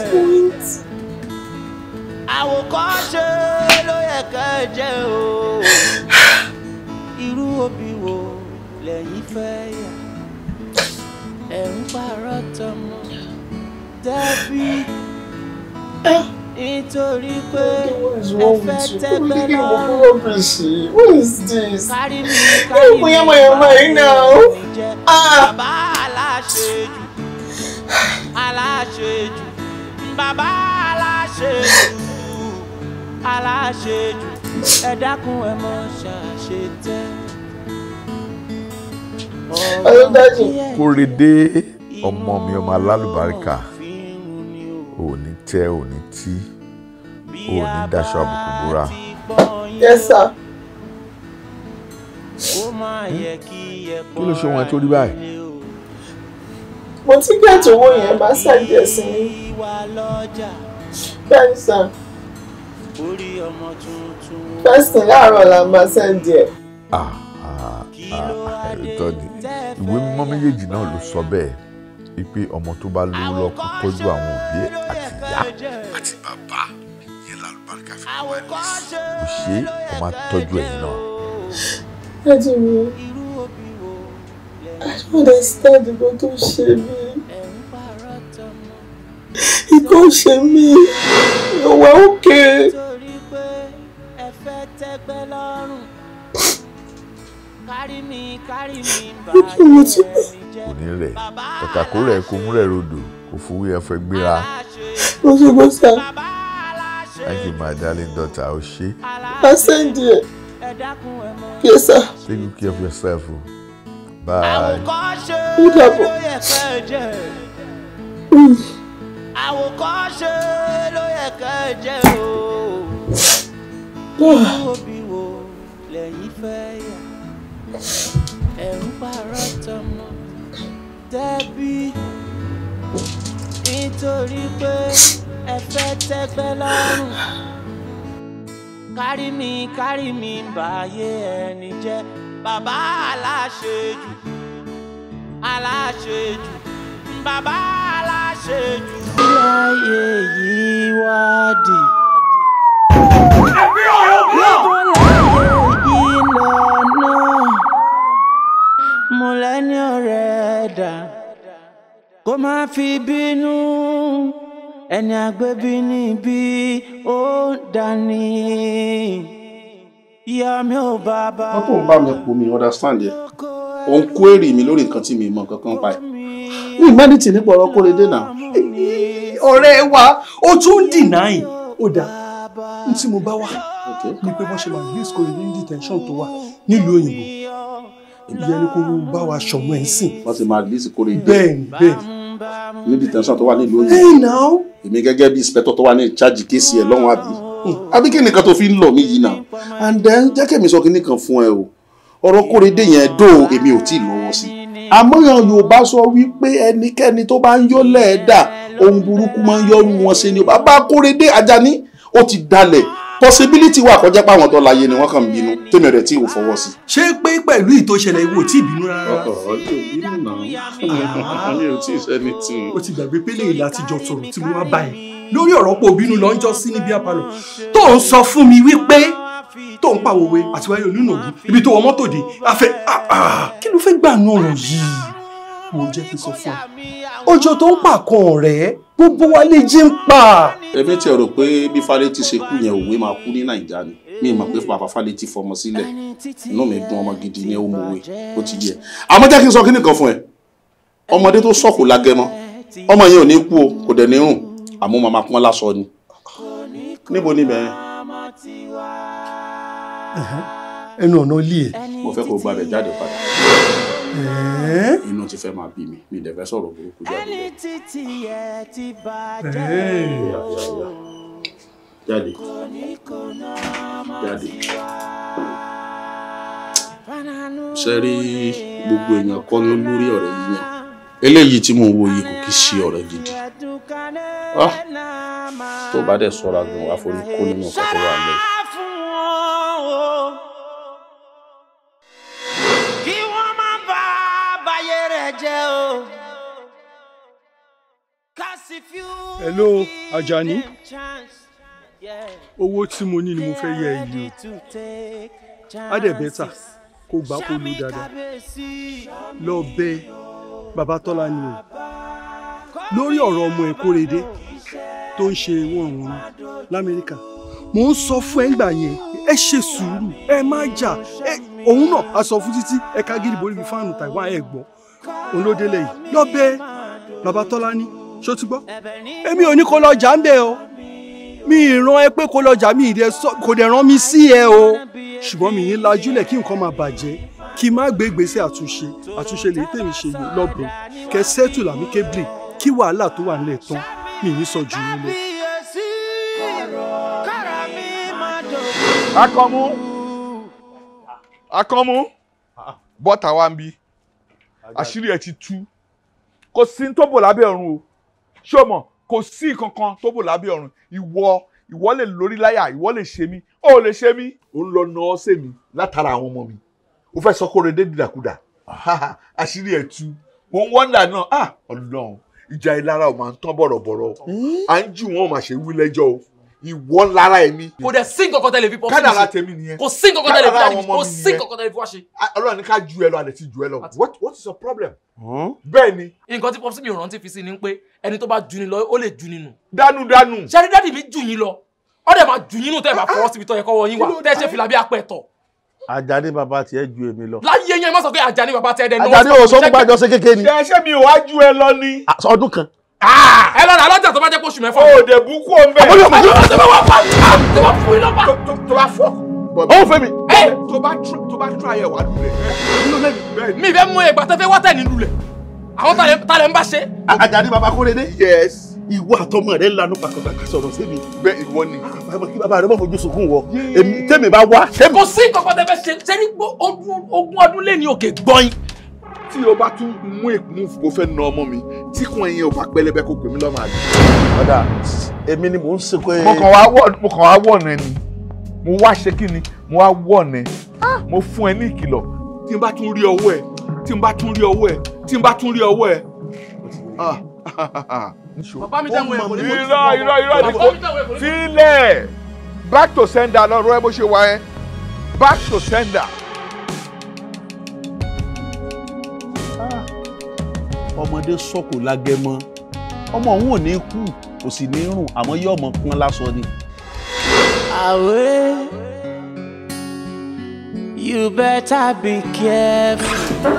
àwòkọ́ṣe ló yẹ kẹ́jẹ́ o irú òbí wo lẹ́yìn fẹ́ yà ẹ̀ ń parọ́ tọmọ nítorí pé ẹfẹ tẹgbẹ lọ́rùn kárí mi kárí mi bá mi jẹ ah! bàbá aláṣejù aláṣejù bàbá aláṣejù aláṣejù ẹ dákun ẹ mọ ṣàṣetẹ.
kórèdé ọmọ mi ọmọ alálùbáríkà òní tẹ òní tí òní daṣọ àbùkù búra. Yes sir. kí ló ṣe wọn tó rí báyìí
mo ti gẹ̀ẹ́tì owó yẹn bá ṣàdé ẹ̀sìn mi bẹ́ẹ̀ sà fẹ́sì láàárọ̀ la máa ṣàdé ẹ̀.
Ah,
ah, ah, ẹ̀tọ́ ni ìwé mímọ́ méjèèjì náà ló sọ bẹ́ẹ̀ wípé ọmọ tó bá lówó lọ kó tọ́jú àwọn òbí ẹ̀ àti ìyá àti bàbá
yẹn lálùbáríkà fi wá ẹ̀ lọ kò ṣe
é ọmọ àtọ́jú ẹ̀yìn náà.
ẹ jẹ́ mi.
I don't understand nǹkan tó ń ṣe mí. Ikọ́ ń ṣe mí. Ìwà òkè. Torí pé ẹ fẹ́ tẹ́gbẹ́ lọ́rùn. Kárí mi, kárí mi, bàjẹ́ mi jẹ́.
Òní rẹ̀, kàkàkó rẹ̀ kò rodò, kò fowó ẹ̀fẹ̀ gbéra. Mo ṣe gbọ́ sá. Thank you, my darling daughter. I'll shake. I'll send you. Yes, sir. Take good care of yourself. Oh. Bye.
Ó dàbọ̀. Àwòkọ́ṣe ló yẹ kẹ́ jẹ́ ah. Nítorí pé ẹ fẹ́ tẹ́gbẹ́ kárí mi kárí mi báyé ẹni jẹ́ Baba aláṣejù aláṣejù bàbá aláṣejù. bí ayé yìí wá dì. ẹ̀mí ọ̀rọ̀ náà. láyé yìí lọ́nà mo lẹ́ni ọ̀rẹ́ dà kó má fi bínú ẹni àgbẹ̀bí níbi ó dání ìyá mi ò bàbá. wọ́n tó
ń bá mi pò mí understand yẹ ò ń kó èrè mi lórí nǹkan tí mi mọ̀ kankan pa ẹ̀ ní humanity nípa ọ̀rọ̀ kóredé náà. ọ̀rẹ́ wa ó tún ń dìnnà yìí ó dáa n tí mo bá wà ni pé wọ́n ṣe máa use kóredé ní detention tó wà nílùú òyìnbó ìyẹn ni kò bá wa ṣọ̀wọ́n ẹ̀ sìn. wọ́n ti máa release kóredé. bẹ́ẹ̀ni bẹ́ẹ̀ni níbi tẹ̀sán tó wà nílùú òyìnbó èmi gẹ́gẹ́ bí inspector tó wà ní ìcháàjì kéèsì ẹ̀ lọ́wọ́n àbí àbí kí nìkan tó fi ń lọ mí yìí náà and then jẹ́ kẹ́mi sọ kínní kan fún ẹ o ọ̀rọ̀ kórèdè yẹn dò èmi ò tí ì lọ́wọ́ sí àmọ́ yàn Yorùbá sọ wípé ẹnikẹ́ni tó bá ń yọ lẹ́ẹ̀dà ohun burúkú máa ń yọrù wọn ṣe ni bàbá kórèdè Àjàní ó ti dalẹ̀ possibility wà kọjá pé àwọn tó láyé ni wọ́n kàn ń bínú tèmi rẹ̀ tí ò fọwọ́ sí. ṣé pé pẹ̀lú ìtòṣẹlẹ̀ ìwò tí ìbínú rárá. ọkọ ọdún ìbínú náà mi ò tí ì sẹ́ni tí. o ti gbàgbé pélé ìlà àtijọ́ sọ̀rọ̀ tí mo wá báyìí lórí ọ̀rọ̀ pé òbínú lọ ń jọ sí ní bíi apalọ̀ tó ń sọ fún mi wípé tó ń pàwòwe àti wáyé onínú ògùn ibi tó wọ mọ́tò dé afẹ́ ah, ah, kí ló fẹ́ gbà nù ọ̀rọ̀ yìí mo jẹ́ kí n sọ fún ọ ọjọ́ tó ń pàkọ́
ọ̀rẹ́ gbogbo wa lè jí ń
pa. èmi ti rò pé bí falẹ ti ṣe kú yẹn òwe máa kú ní nàìjíríà ni mi mọ̀ pé bàbá falẹ ti fọmọ sílẹ̀ inú mi dùn ọmọ gidi ni ó we ó ti yẹ àmọ́ jẹ́ kí n sọ kí nìkan fún ẹ ọmọdé tó sọ̀kò lágẹmọ ọmọ yẹn ò ní kú o kò dẹ̀ ní rùn àmọ́ màmá pọ́n lásọ ni níbo ni bẹ́ẹ̀. ẹnu ọ̀nà ilé ẹ̀. mo fẹ́ kó gba rẹ̀ jáde padà inú ti fẹ́ máa bí mi mi dẹ̀ fẹ́ sọ̀rọ̀ burúkú jáde.
jáde jáde ṣe
rí gbogbo èèyàn kọ́ lórí ọ̀rẹ́ yíyan eléyìí tí mò wo yìí kò kí ṣe ọ̀rẹ́ gidi ah, tó bá dẹ̀ sọ́ra gan wàá forí kó nínú ọ̀sán tó wà lẹ́yìn. hello Ajani owó tí mo ní ni mo fẹ́ yẹ ẹ yìí o á dẹ̀ bẹ́tà kó gbà kó lu dáadáa lọ bẹ́ẹ̀ bàbá tọ́lá ni o lórí ọ̀rọ̀ ọmọ ẹ̀ kórede tó ń ṣe wọ́n wọ́n lamẹ́ríkà mò ń sọ fún ẹ ńgbà yẹn ẹ ṣe sùúrù ẹ má jà ẹ òun náà a sọ fún títí ẹ ká gidi borí fi fáànù taiwan ẹ gbọ́ òun ló délé yìí lọ bẹ̀ bàbá ṣó ti gbọ́ èmi ò ní kó lọ jà ń bẹ̀ o mi ìran ẹ pé kó lọ jà mí ìdẹ kò dẹ̀ rán mi sí ẹ o ṣùgbọ́n mi yín lajúlẹ̀ kí nǹkan máa bàjẹ́ kí má gbé gbèsè àtúnṣe àtúnṣe lè tèmi ṣe yìí lọ́gbọ̀n kẹ sẹ́tù làmíkébìlì kí wàhálà tó wà nílẹ̀ tán mi ní sọ jù yín lọ. akọmu akọmu bọ́tà wa ń bí àṣírí ẹ̀ ti tú kò sí tó bò lábẹ́ ọ̀run o ṣé o mọ̀ kò sí kankan tó bò lábẹ́ ọ̀run ìwọ ìwọ lè lórí láyà ìwọ lè ṣe mí ó lè ṣe mí. ó ń lọ nà ọ́ sèmi látara àwọn ọmọ mi o fẹ́ sọ kóre dé dìdàkudà àṣírí ẹ̀ tú mo ń wọ́ndà náà ah ọlọ́run ìjà ìlara ò máa ń tán bọ̀rọ̀bọ̀rọ̀ hmm? à ń jù wọ́n máa ṣe wí o ìwọ lára ẹ ní. kò dẹ̀
sí nǹkan kan tẹ̀lé fi pọ̀ sí mi. kádàrá tèmi nìyẹn. kò sí nǹkan kan tẹ̀lé fi wá ṣe kò sí nǹkan kan tẹ̀lé fi wá ṣe. ọlọ́run ní ká ju ẹ lọ àlẹ́ ti ju ẹ lọ what what is your problem. bẹ́ẹ̀ ni. nǹkan tí pọ́pọ́sí mi rántí fi sí ni pé ẹni tó bá ju ni lọ ó lè ju ni nù. dánú dánú. sẹ́ni dádì mi jù yín lọ ọ̀dẹ̀ máa jù yín nù tẹ́ ẹ bá fọwọ́ síbi tó
Àjàní bàbá tiẹ̀ ju èmi lọ.
láyé yẹn má sọ pé Àjàní bàbá tiẹ̀ dẹ̀ ní. Àjàní ò sọ fún gbàjọ
ṣe kékeré ni. ṣe mi ò wá ju ẹ lọ ni. ọdún kan.
Ah, ẹ lọ rà lọ́jà tó bá jẹ́ pé oṣù mẹ́fà. o ò dẹ̀ bú kú òun bẹ́ẹ̀. àbúrò mi ò tó bá wà pa tó ah, bá fún mi lọ́pàá. tó bá fọ́. ó fẹ́ mi. tó bá tó bá tún ayẹ̀wò àlùlẹ̀. mi fẹ́ mú ẹgbàá tẹ́fẹ́ wá tẹ̀ nílùú lẹ̀ àwọn tàlẹ̀ ń bá ṣe. Àjàní bàbá kórede.
yes ìwọ àtọmọ rẹ lanu pàkàpàkà sọ̀rọ̀ sí mi. bẹ́ẹ̀ ìwọ ni. bàbá rẹ bá fojú sunkún wọ. èmi tẹ́mi bá wá. kò sí kankan tẹ́fẹ́ ṣe sẹ́ni ogún ọdún lé ní òkè gbọ́yìn. tí o bá tún mú ìkún mo fẹ́ na ọmọ mi tí kan ẹyin ò pẹlẹbẹ kó pè mí lọ́mọ àgbẹ̀. ọ̀dà èmi ni mò ń ṣe pé. mo kàn wá wọ̀nà ni mo wá ṣe kí ni mo wá wọ̀nà ah! mo fún ẹ ní ìkìlọ̀ tí n bá tún rí ọwọ́ ẹ tí n bá tún rí ọwọ́ ẹ tí n bá tún rí ọwọ́ ẹ. Ah!
bàbá mi tẹ̀wé ní. kò
sílẹ̀ back to sender lọ́rọ́ ẹ bó ṣe wá ẹ back to sender. Ah, ọmọdé sọkò lágẹmọ ọmọ òun ò ní kú kò sì ní rùn àmọ́ yóò mọ pọn lásán ni.
àwẹ̀ you better be careful.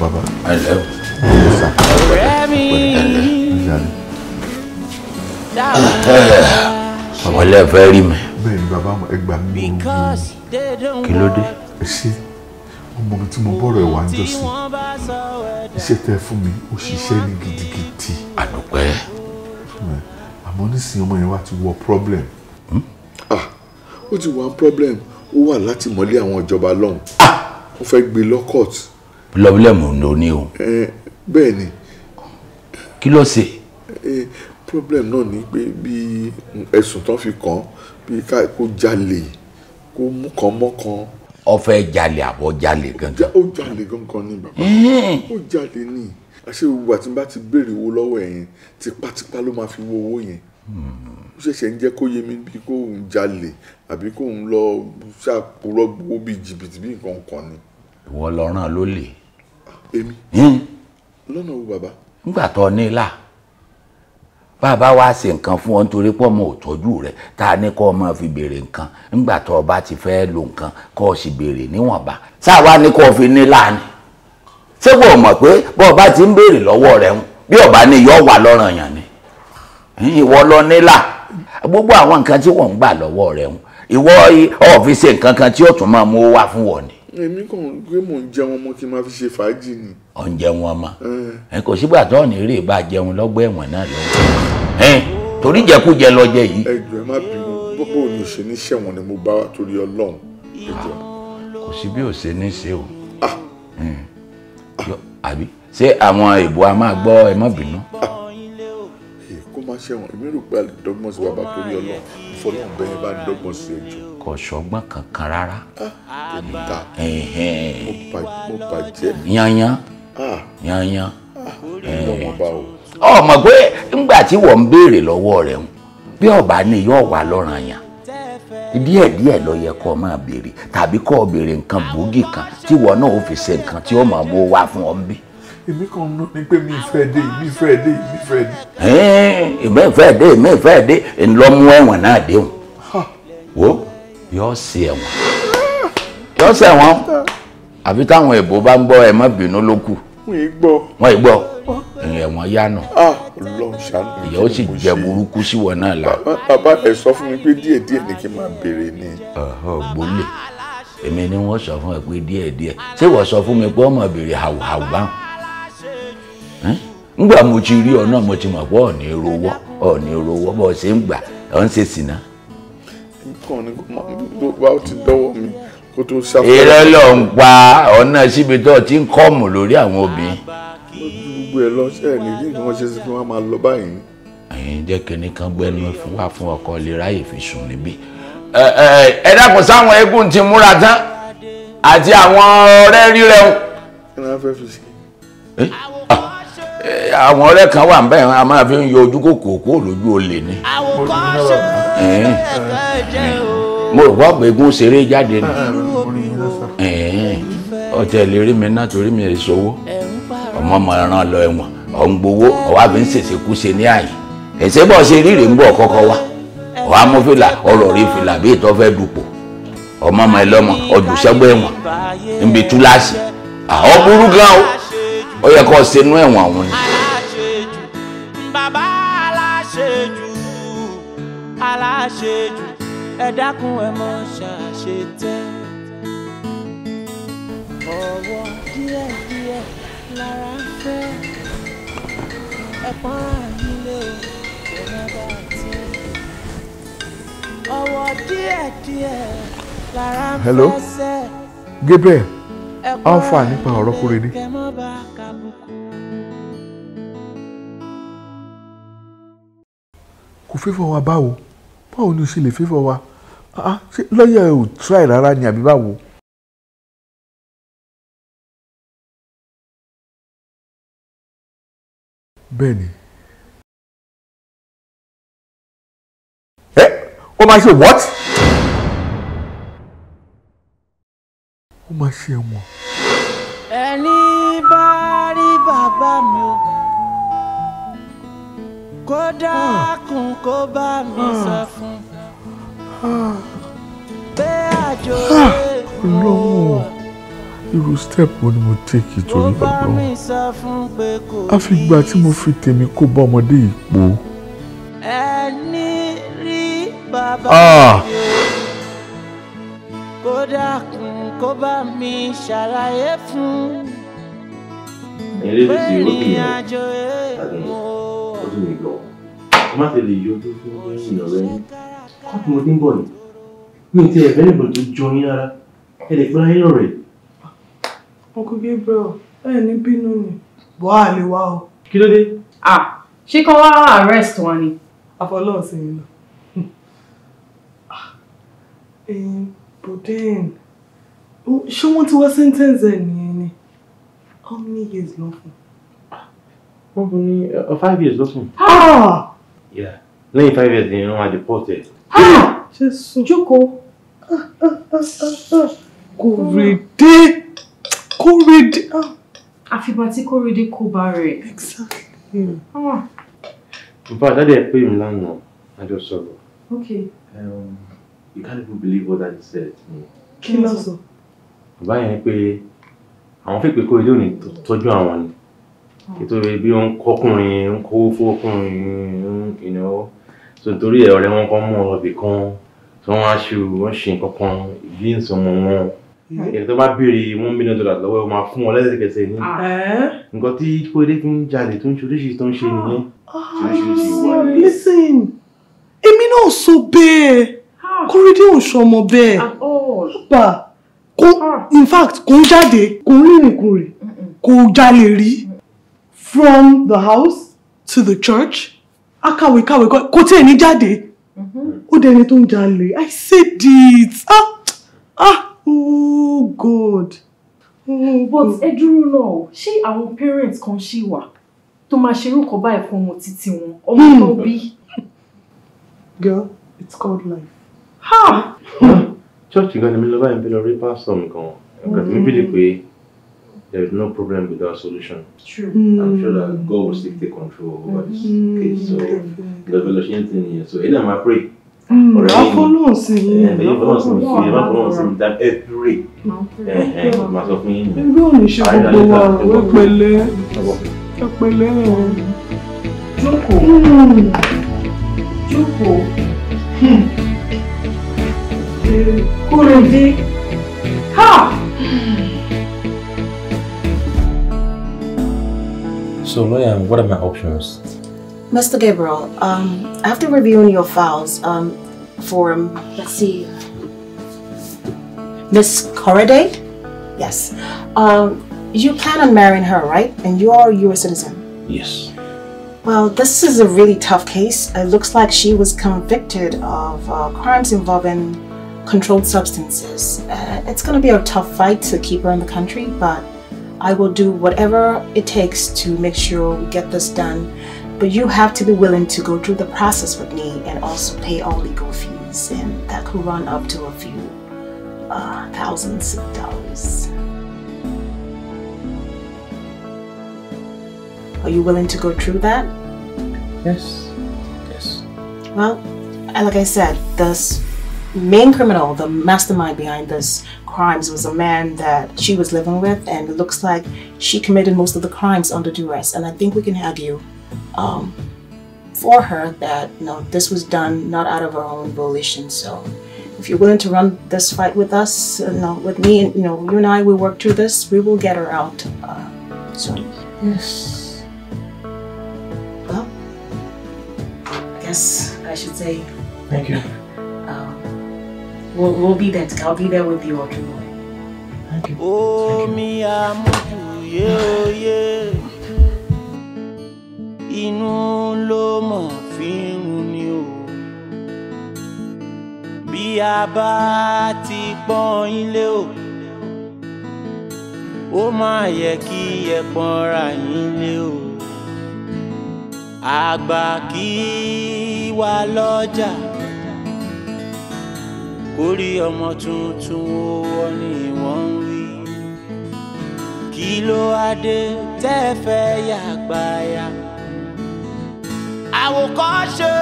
baba i love you ọ̀rẹ́ mi àwọn ilé ẹ̀fẹ́ rí bẹ́ẹ̀ ni bàbá ẹ gbà mí kí ló dé.
ẹ ọmọ mi tí mo bọ̀rọ̀ ẹ̀ wá ń jọ́sìn iṣẹ́ tẹ́ fún mi ó ṣiṣẹ́ ní gidigidi. àdùpẹ́. àmọ́ nísìnyí ọmọ yẹn wá ti wọ
problem. Hmm?
Ah, ó ti wà problem ó wà láti mọ́lé àwọn ìjọba lọ́hùn ah! ó fẹ́ gbé lọ́kọ̀t.
problem ò ní o. Eh, bẹ́ẹ̀ ni. kí ló ṣe.
problem náà ni pé bí ẹ̀sùn tán fi kàn án bí kó jalè kó mú kan mọ́ kan ó fẹ́
jalè àbọ̀ jalè gangan.
ó jalè gangan ni bàbá ó jalè ni àṣé gbogbo àti bá ti béèrè owó lọ́wọ́ ẹ̀ yẹn tipátipá ló máa fi wo owó yẹn ó ṣẹ̀ṣẹ̀ ń jẹ́ kó yé mi bí kó ń jalè àbí kó ń lọ ṣàpòrọ̀ bíi jìbìtì bíi nǹkan kan ni.
ìwọ lọ rán lólè. Ah, èmi lọ́nà wo bàbá. nígbà tó ní là bàbá wa ṣe nǹkan fún ọ nítorí pé ọmọ òtọ́jú rẹ tá a ní kọ́ ọmọ fi béèrè nǹkan nígbà tó o bá ti fẹ́ lo nǹkan kọ́ ọ sì béèrè níwọ̀nba sáwa ni kò fi ní láàánú ṣé kò mọ̀ pé bọ́ ọba ti ń béèrè lọ́wọ́ rẹ̀ ń bí ọba ní yọ wà lọ́rọ̀ yàn ni ìwọ lọ là. gbogbo àwọn nǹkan tí wọ́n ń gbà lọ́wọ́ rẹ̀ ń ìwọ ọ̀fi ṣe nǹkan kan tí ó tún máa mú wá fún wọn ni
èmi kàn ń gbé mò ń jẹun ọmọ kí n máa fi ṣe fàájì ni.
ọ̀ ń jẹun ọmọ ẹ kò sígbà tó ọ̀nà eré bá jẹun lọ́gbọ́ ẹ̀wọ̀n náà lọ́wọ́ torí jẹkújẹ lọ́jẹ yìí. ẹ
jọ̀ọ́ ẹ má bínú bó ni ò ṣe ní ṣẹ̀wọ̀n ni mo bá wa torí ọlọ́run ẹ jọ̀ọ́.
kò sí bí ò ṣe ní ṣe o ah. hmm. àbí ṣé àwọn èèbù a máa gbọ́ ẹ má bínú. Ah.
kó má ṣẹ̀wọ̀n èmi rò pé àlè dọ́gbọ́n sí bàbá torí ọlọ́run ìfọlọ́run bẹ́ẹ̀ bá dọ́gbọ́n sí ẹjọ́
kò ṣọgbọ́n kankan rárá. Ah, yanyan ah. yanyan. ọmọ pé ńgbà tí wọ́n ń béèrè lọ́wọ́ rẹ̀ ń bí ọba ni yóò wà lọ́ràn yàn díẹ̀ díẹ̀ ló yẹ kó máa béèrè tàbí kó o béèrè nǹkan gbòógì kan tí ìwọ náà ò fi ṣe nǹkan tí ó máa mú wá fún ọ bí.
èmi kàn ń ní pé mi fẹ́ dé mi fẹ́ dé mi fẹ́ dé.
èmi fẹ́ dé èmi fẹ́ dé ńlọmú ẹ̀wọ̀n náà déhùn wo yóò ṣe ẹwọn yóò ṣe ẹwọn àfi táwọn èbó bá ń gbọ́ ẹ má bínú ló kù wọ́n yìí gbọ́ wọ́n yìí gbọ́ ìyẹn yánà ah, ìyẹn ó sì jẹ burúkú sí wọn náà la. bàbá
ẹ sọ fún mi pé díẹ̀ díẹ̀ ni kí n máa béèrè ni.
gbólé èmi ni wọn sọ fún ẹ pé díẹ̀ díẹ̀ ṣé wọn sọ fún mi pé ọmọ béèrè hàwùhàwù báwọn ngbà mo ti rí ọ náà mo ti mọ̀ pé ọ̀ọ́ni rówó ọ̀ọ́ni rówó bọ́ọ̀ ṣe ń gbà ọ̀ ń ṣe sìnà.
kàn ní tó bá ti dọ́wọ́ mi kó tó ṣàfihàn. irọ́ ló ń pa
ọ̀nà síbi tó ti ń kọ́ọ̀mù lórí àwọn obìnrin.
gbogbo ẹ lọ ṣe ẹ nìyí ni wọn ṣe sí fún wa máa lọ báyìí.
ẹ̀yin jẹ́ kínní kan gbẹ́nu wá fún ọkọ lè ráyè fi sùn níbí. ẹ dákun sáwọn eégún ti múra tán àti àwọn ọ̀rẹ́ rírẹ̀
kí ni wọ́n fẹ́ fi ṣe.
Ah, àwọn ọ̀rẹ́ kan wà nbẹ a máa fi ń yọ ojú kòkò kúrò lójú olè ni. o. mo rò pọ̀ pé gún ṣeré jáde ni. ọ̀tẹ̀ lè rí mi náà torí mi ọmọ ọmọ ẹran lọ ẹ̀wọ̀n gbowó ń ṣèṣe kú ṣe ní àyè bọ̀ ṣe rírì ń wá rí fìlà bí ọmọ ọmọ ọdún ó yẹ kó ṣe inú ẹ̀wọ̀n àwọn aláṣejù bàbá
aláṣejù aláṣejù ẹ dákun ẹ mọ ṣàṣetẹ ọwọ́ díẹ̀ díẹ̀ lára ń fẹ́ ẹ pọ́nra nílé o bá a ti ọwọ́ díẹ̀ lára ń fẹ́ sẹ́. Hello,
Gabriel alfa nípa ọ̀rọ̀ kúrẹ́dé. kò fífọ̀ wa báwo báwo ni o ṣe lè fífọ̀ wa ah, ah, ṣé lọ́ọ̀yà ò tíráì rárá ni àbí báwo. bẹ́ẹ̀ni. ẹ o máa ṣe what.
ó máa ṣe wọn. ẹni bá rí bàbá mi o kó dákun kó bá mi ah. sọ fún ah. pé àjò ah. rẹ̀
lọ́wọ́ irú step wo ni mo take torí bàbá
wọn
àfìgbà tí mo fi tèmi kó bá ọmọdé yìí po. ẹni rí bàbá mi o
kó dákun kó bá mi ṣàlàyé fún pé ìrìn àjò èèmọ̀ má tẹ̀lé yọjú fún ìrìnà rẹ ní kọ́tù mo ti ń bọ̀ ni mi ti ẹ̀fẹ́ níbo tó jọ yín rárá ẹ lè gbọ́ra yín
rẹ̀.
ọkùnrin bro ẹ ní bínú ni bọ́ a lè wá o. kí ló dé. ah ṣé kán wá arrest wa ni. àfọlọ́ọ̀sìn yìí lọ. bùdín ṣé wọ́n ti wá sentence ẹ̀ nìyẹn ni how many years ló fún.
wọ́n fún ní uh, five years ló fún. Ah! lẹ́yìn five years ni wọ́n á deport ẹ̀.
Ah! jésù jókòó ah, kòrèdé
kòrèdé. àfìgbà tí kòrèdé kò bá rẹ̀.
bàbá dáadé ẹ pé mi lánàá a jọ sọ̀rọ̀. okay. Um, you can't even believe what daddy said to me. kí ló sọ bàbá yẹn pé àwọn fẹ́ pé kó ilé òní tọ́jú àwọn ni nítorí bí ó kọkùnrin ń kówó fọkùnrin ìnáwó so nítorí ẹ̀ ọ̀rẹ́ wọn kan mú ọbẹ̀ kan tí wọ́n á ṣe ṣe nǹkan kan bí ń wọn èyí bá béèrè one million dollars lọ́wọ́ ẹ̀ máa fún wọn lẹ́sẹ̀kẹsẹ̀ ní ah. nǹkan tí kóde fi ń jalè tó ń ṣe oríṣiríṣi tó ń ṣe nìyẹn.
Ah, listen èmi náà sọ bẹ́ẹ̀ ah. kórìdé ò sọ ọmọ bẹ́ẹ̀ kò ah. in fact kò ń jáde kò ń rìnrìn kò rè kò jalè rí mm. from the house to the church akáwékáwé kò tí ẹ̀ ní jáde mm-hmm. ó dẹni tó ń jalè i said it ah ah oh
god. Oh but ẹ dúró náà ṣé àwọn parents kan ṣì wà tó máa ṣerú nǹkan báyìí fún ọmọ títí wọn ọmọ hmm. tó bí. girl
it's called life. ha
chọ́ọ̀chì gan ni mi lọ báyìí bí lọ rí pásítọ̀ mi gan nǹkan tí mi bí lè pé there is no problem without solution True. Mm. i'm sure that God will still take control over this hmm. case so hmm. the lọ ṣe ń nìyẹn so ẹ̀dá I pray ọ̀rẹ́ yìí ọ̀fọ́nà
sí i ẹ̀yìn ọ̀fọ́nà sí i ẹ̀yìn ọ̀fọ́nà sí i
dá ẹ pray ẹ̀hẹ̀n máa sọ fún yín nìyẹn. I òní ṣe gbogbo wa ẹ pẹ̀lẹ́ ẹ
pẹ̀lẹ́ o. jókòó hmm. jókòó. Ha!
So, Lawyer, what are my options?
Mr. Gabriel, um, after reviewing your files um, for, um, let's see, Miss Corriday? Yes. Um, you plan on marrying her, right? And you are a U.S. citizen? Yes. Well, this is a really tough case. It looks like she was convicted of uh, crimes involving controlled substances. Uh, it's going to be a tough fight to keep her in the country, but I will do whatever it takes to make sure we get this done. But you have to be willing to go through the process with me and also pay all legal fees, and that could run up to a few uh, thousands of dollars. Are you willing to go through that? Yes. Yes. Well, like I said, this main criminal, the mastermind behind this crimes was a man that she was living with and it looks like she committed most of the crimes under duress. And I think we can have um, for her that you no, know, this was done not out of her own volition. So if you're willing to run this fight with us, you know, with me, and you know, you and I, we work through this. We will get her out uh, soon. Yes. Well, I guess I should say thank you. We'll, we'll be there. I'll be there with you all the way.
Omi amúdùyé oyé inú ló mọ̀ fi ni o. Bí a bá ti pọ́n ilé o, ó máa yẹ kí ẹ pọ́nra yín lé o. Àgbà kì í wà kórí ọmọ tuntun ó wọ́ ni wọ́n ń wí. kí ló á dé tẹ́ ẹ fẹ́ yàgbáyà. àwòkọ́ṣe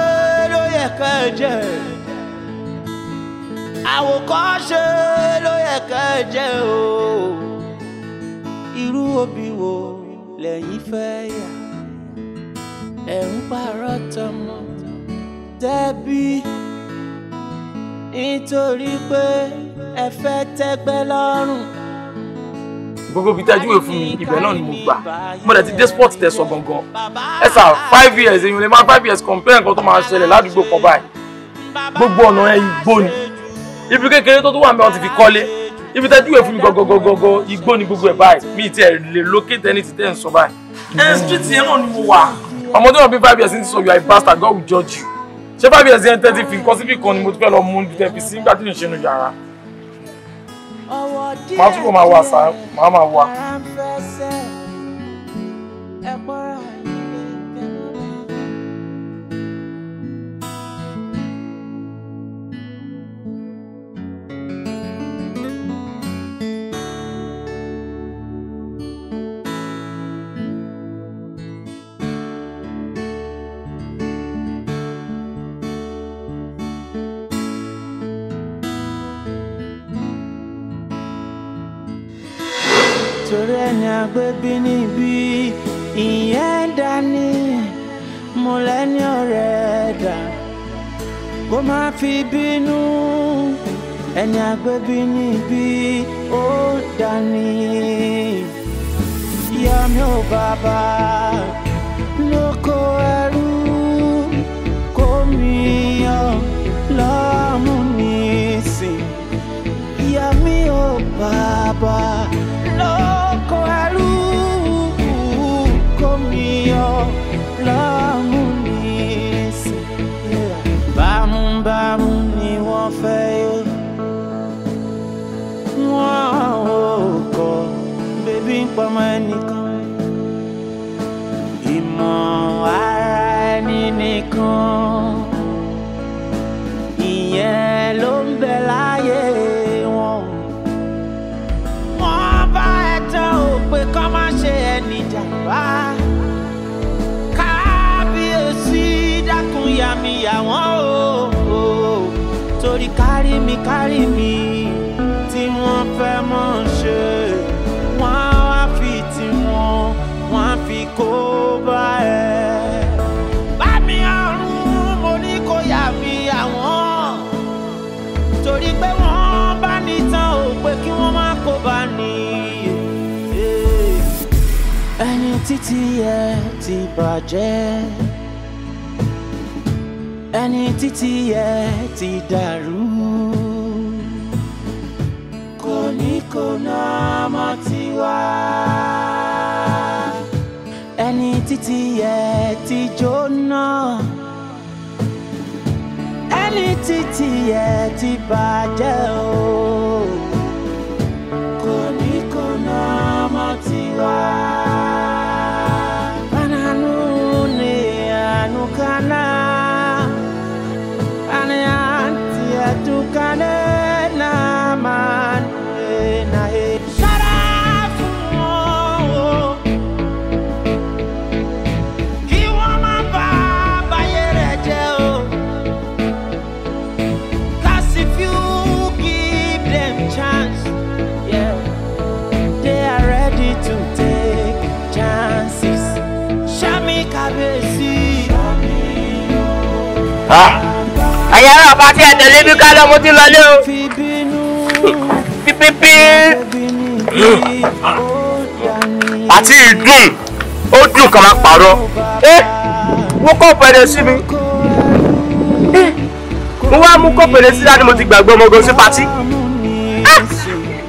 ló yẹ kẹ́ ẹ jẹ́ àwòkọ́ṣe ló yẹ kẹ́ o irú òbí wo lẹ́yìn fẹ́ yà ẹ̀ ń parọ́ tọmọ tẹ́bí
nítorí pé ẹ fẹ́ tẹ́gbẹ́ lọ́rùn. gbogbo bíi tẹ́jú wẹ̀ fún mi ibẹ̀ náà ni mo gbà mo dẹ̀ ti dé sport tẹ̀sọ̀ gangan ẹ sà five years èyí lè máa five years compare nǹkan tó máa ṣẹlẹ̀ ládùúgbò kan báyìí gbogbo ọ̀nà ẹ igbó ni ibi kékeré tó tún wà mẹ́wọ́n ti fi kọ́lé ibi tẹ́jú wẹ̀ fún mi gọ́gọ́gọ́gọ́ igbó ni gbogbo ẹ̀ báyìí mi ti ẹ̀ lè locate ẹni tí tẹ́ ń sọ báyìí ẹ̀ street yẹn náà ni mo wà ọmọdé wọn bí five years ń sọ you are a bastard God will judge you ṣé five years yẹn tẹ́tí fi nǹkan síbì kan ni mo ti fẹ́ lọ mú níbi tẹ́fi sí nígbà tí n yàrá màá túbọ̀ máa wà sáà màá máa wà.
agbébínibí ìyẹn dání mo lẹ́ni ọ̀rẹ́ dà kó má fi bínú ẹni agbébínibí ó dání yọmi ò bàbá lóko ẹrú kó mi yọ lọ́mú nísìn yọmi ò bàbá. pamọ́ ẹnìkan ìmọ̀ ara ẹni nìkan
ìyẹn ló ń bẹ láyé
wọn. wọ́n bá ẹ tán ò pé kọ́ má ṣe ẹni jàmbá. kábíyèsí dákun yàmìyà wọ́n o torí kárí mi kárí mi. tiẹ̀ ti bàjẹ́ ẹni títí yẹ ti dàrú kò ní kò náà má ti wá ẹni títí yẹ ti jóná ẹni títí yẹ ti bàjẹ́ o.
ẹ̀yà ara ọba tí ẹ tẹ̀lé bí ká lọ́mú ti lọlé o àti ìdùn ó dùn kàn máa ẹ mo kọ́ pẹ̀lẹ́ sí mi mo wá mú kọ́ pẹ̀lẹ́ sí láti mo ti gbàgbé ọmọ ogun sí patí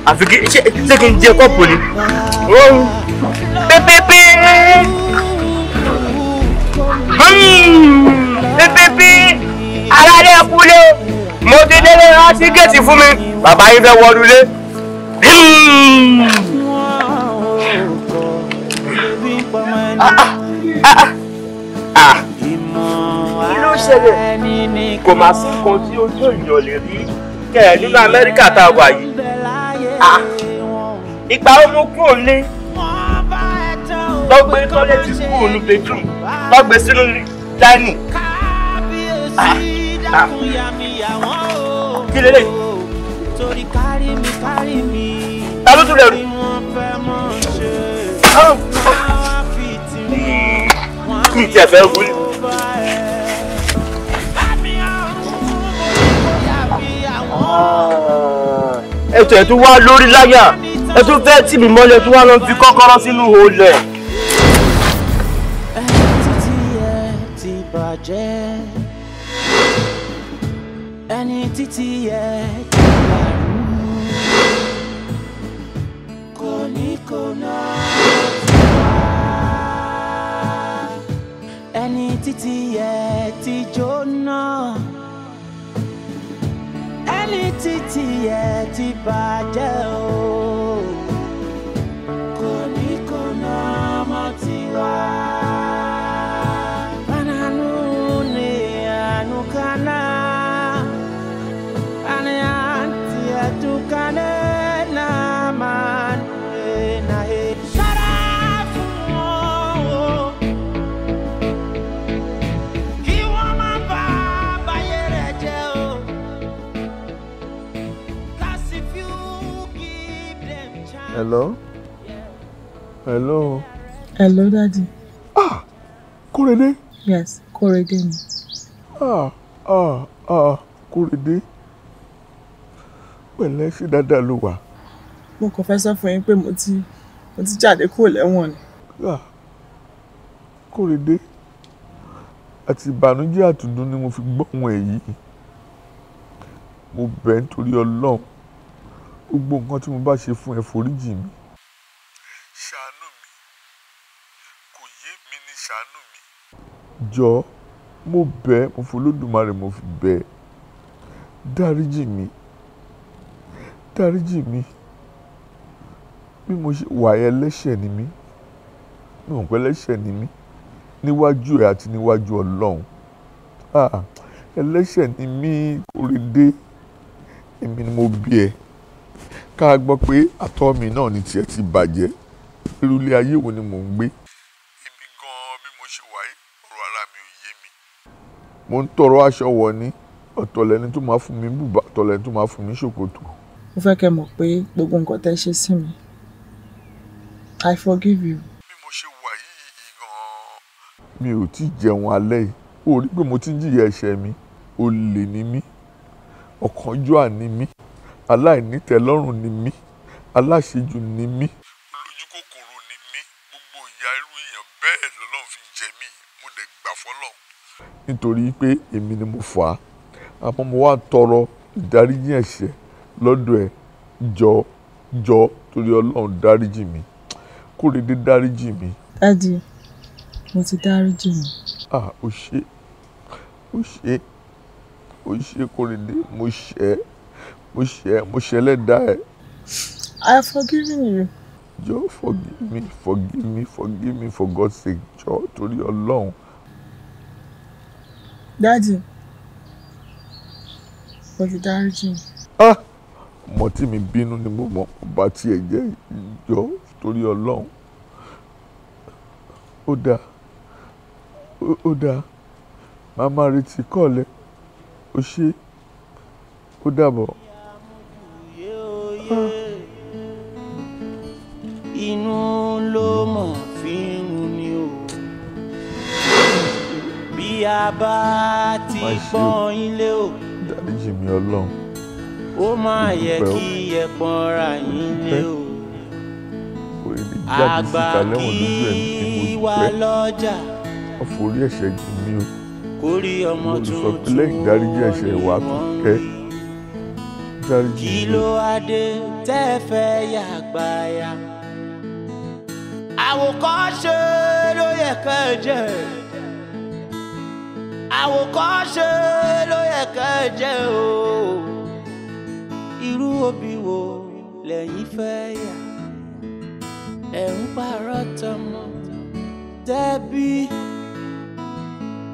àfi kí ṣé kí n jẹ kọ́ọ̀pù ni pípípí alálẹ́ ẹkú lé o mo ti délé rán tíkẹ́ẹ̀tì fún mi bàbá yín fẹ́ wọlú lé. irú ṣẹlẹ̀ kò má sí kan tí ojú èèyàn lè rí kẹ ẹ nínú Amẹ́ríkà tá a wà yìí ìgbà ó kúrò lé lọ́gbẹ́ tọ́lẹ́tì kúrò ní bedroom lọ́gbẹ́ sínú dání. Ah. kí lélẹ̀. ta ló tún lè rù.
kí ah. n tiẹ̀ fẹ́ wuli. Ah. ẹ̀tọ́ ẹ̀ tún wá lórí láyà ẹ tún fẹ́ tì mí mọ́lẹ̀ tún wá lọ fi kọ́kọ́rọ́ sínú olè.
ẹ títí ẹ ti dàrú. kòníkòná ti wá. ẹni títí ẹ ti jóná. ẹni títí ẹ ti bàjẹ́ o. kòníkòná
hello hello.
hello daddy. ah Kórèdé. yes Kórèdé ah ah ah
Kórèdé pẹ̀lẹ́ ṣe dáadáa ló wà.
mo kàn fẹ́ sọ fún yín pé mo ti mo ti jáde kúrò lẹ́wọ̀n ni. ah Kórèdé
àti ìbànújẹ́ àtùdùn ni mo fi gbọ́ ohun èyí mo bẹ̀ nítorí Ọlọ́run gbogbo nǹkan tí mo bá ṣe fún ẹ foríjì mi. ṣàánú mi kò yé mi ní ṣàánú mi. jọ mo bẹ̀ mo folódùmarè mo fi bẹ̀ dáríjì mi dáríjì mi bí mo ṣe wà ẹlẹ́ṣẹ̀ ni mí mi ò pẹ́ ẹlẹ́ṣẹ̀ ni mí níwájú ẹ àti níwájú Ọlọ́run ah, ẹlẹ́ṣẹ̀ ni mí kórè dé èmi ni mo bí ẹ ká gbọ́ pé àtọ̀ mi náà ni tiẹ̀ ti bàjẹ́ irú ayé wo ni mò ń gbé. ibi gan-an bí mo ṣe wà ọ̀rọ̀ ara mi ò yé mi. mo ń tọrọ aṣọ wọ̀ ni ọ̀tọ̀ tó máa fún mi bùbá ọ̀tọ̀ tó máa fún mi ṣòkòtò. mo
fẹ́ kẹ́ mọ̀ pé gbogbo nǹkan tẹ́ ṣe sí mi I forgive you. bí mo ṣe wà yìí
gan-an. mi ò tí ì jẹun alẹ́ yìí o pé mo ti ń jìyà ẹ̀ṣẹ̀ mi olè ni mí ọ̀kánjúà ni mí aláìnítẹ̀lọ́rùn ni mí aláṣejù ni mí. lójú kòkòrò ni mí gbogbo ìyà irú èèyàn bẹ́ẹ̀ lọ́lọ́run fi jẹ mí mo lè gbà fọ́lọ́. nítorí pé èmi ni mo fà á àmọ́ mo wá tọrọ ìdáríjì ẹ̀ṣẹ̀ lọ́dọ̀ ẹ̀ jọ jọ torí ọlọ́run dáríjì mi kórèdé dáríjì mi. dádì mo ti dáríjì mi. ah o ṣe o ṣe o ṣe kórèdé mo ṣe é mo ṣe mo ṣe ẹlẹ́dàá ẹ.
I have forgiven you.
Jọ̀ọ́ forgive me forgive me forgive me for God's sake jọ̀ọ́ torí Ọlọ́run.
Dádì, mo ti dáríjì. Ah!
ọmọ tí mi bínú ni mo mọ ọba tí ẹ jẹ́ ìjọ torí Ọlọ́run ó dáa ó dáa màmá retí kọ́ọ̀lẹ́ ó ṣe ó dàbọ̀
inú ló mọ̀ fi ń ni o bí a bá ti pọ́n ilé o dáríjì mi ọlọ́run ó máa yẹ kí ẹ pọ́nra yín lé o àgbà
kí wá
lọ́jà ọ̀fọ̀ ọmọ tuntun ó lè sọ dárí jì mí. kí ló adé tẹ́ fẹ́ yàgbáyà àwòkọ́ṣe ló yẹ kẹjẹ àwòkọ́ṣe ló yẹ kẹjẹ o irú òbí wo lẹ́yìn fẹ́ yà ẹ̀ ń parọ́ tọmọ tẹ́bí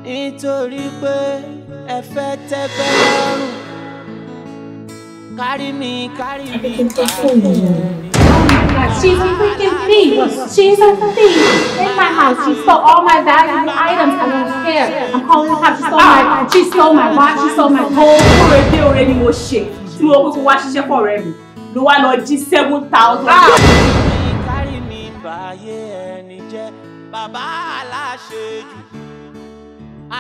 nítorí pé ẹ fẹ́ tẹ́gbẹ́
lọ́rùn. Carry me, carry me, carry me. She's freaking thief! She's a thief! In my house, she stole all my valuable items. I'm scared. I'm calling the cops. She stole my, she stole my watch. She stole my whole. Oh, ọ̀rẹ́ dé ọ̀rẹ́ ni mo ṣe. Tí mo kúkú wá ṣiṣẹ́ fún ọ̀rẹ́ mi. Ló wá lọ jí seven thousand. Ah!
Kárí mi báyé ẹni jẹ́ bàbá aláṣejù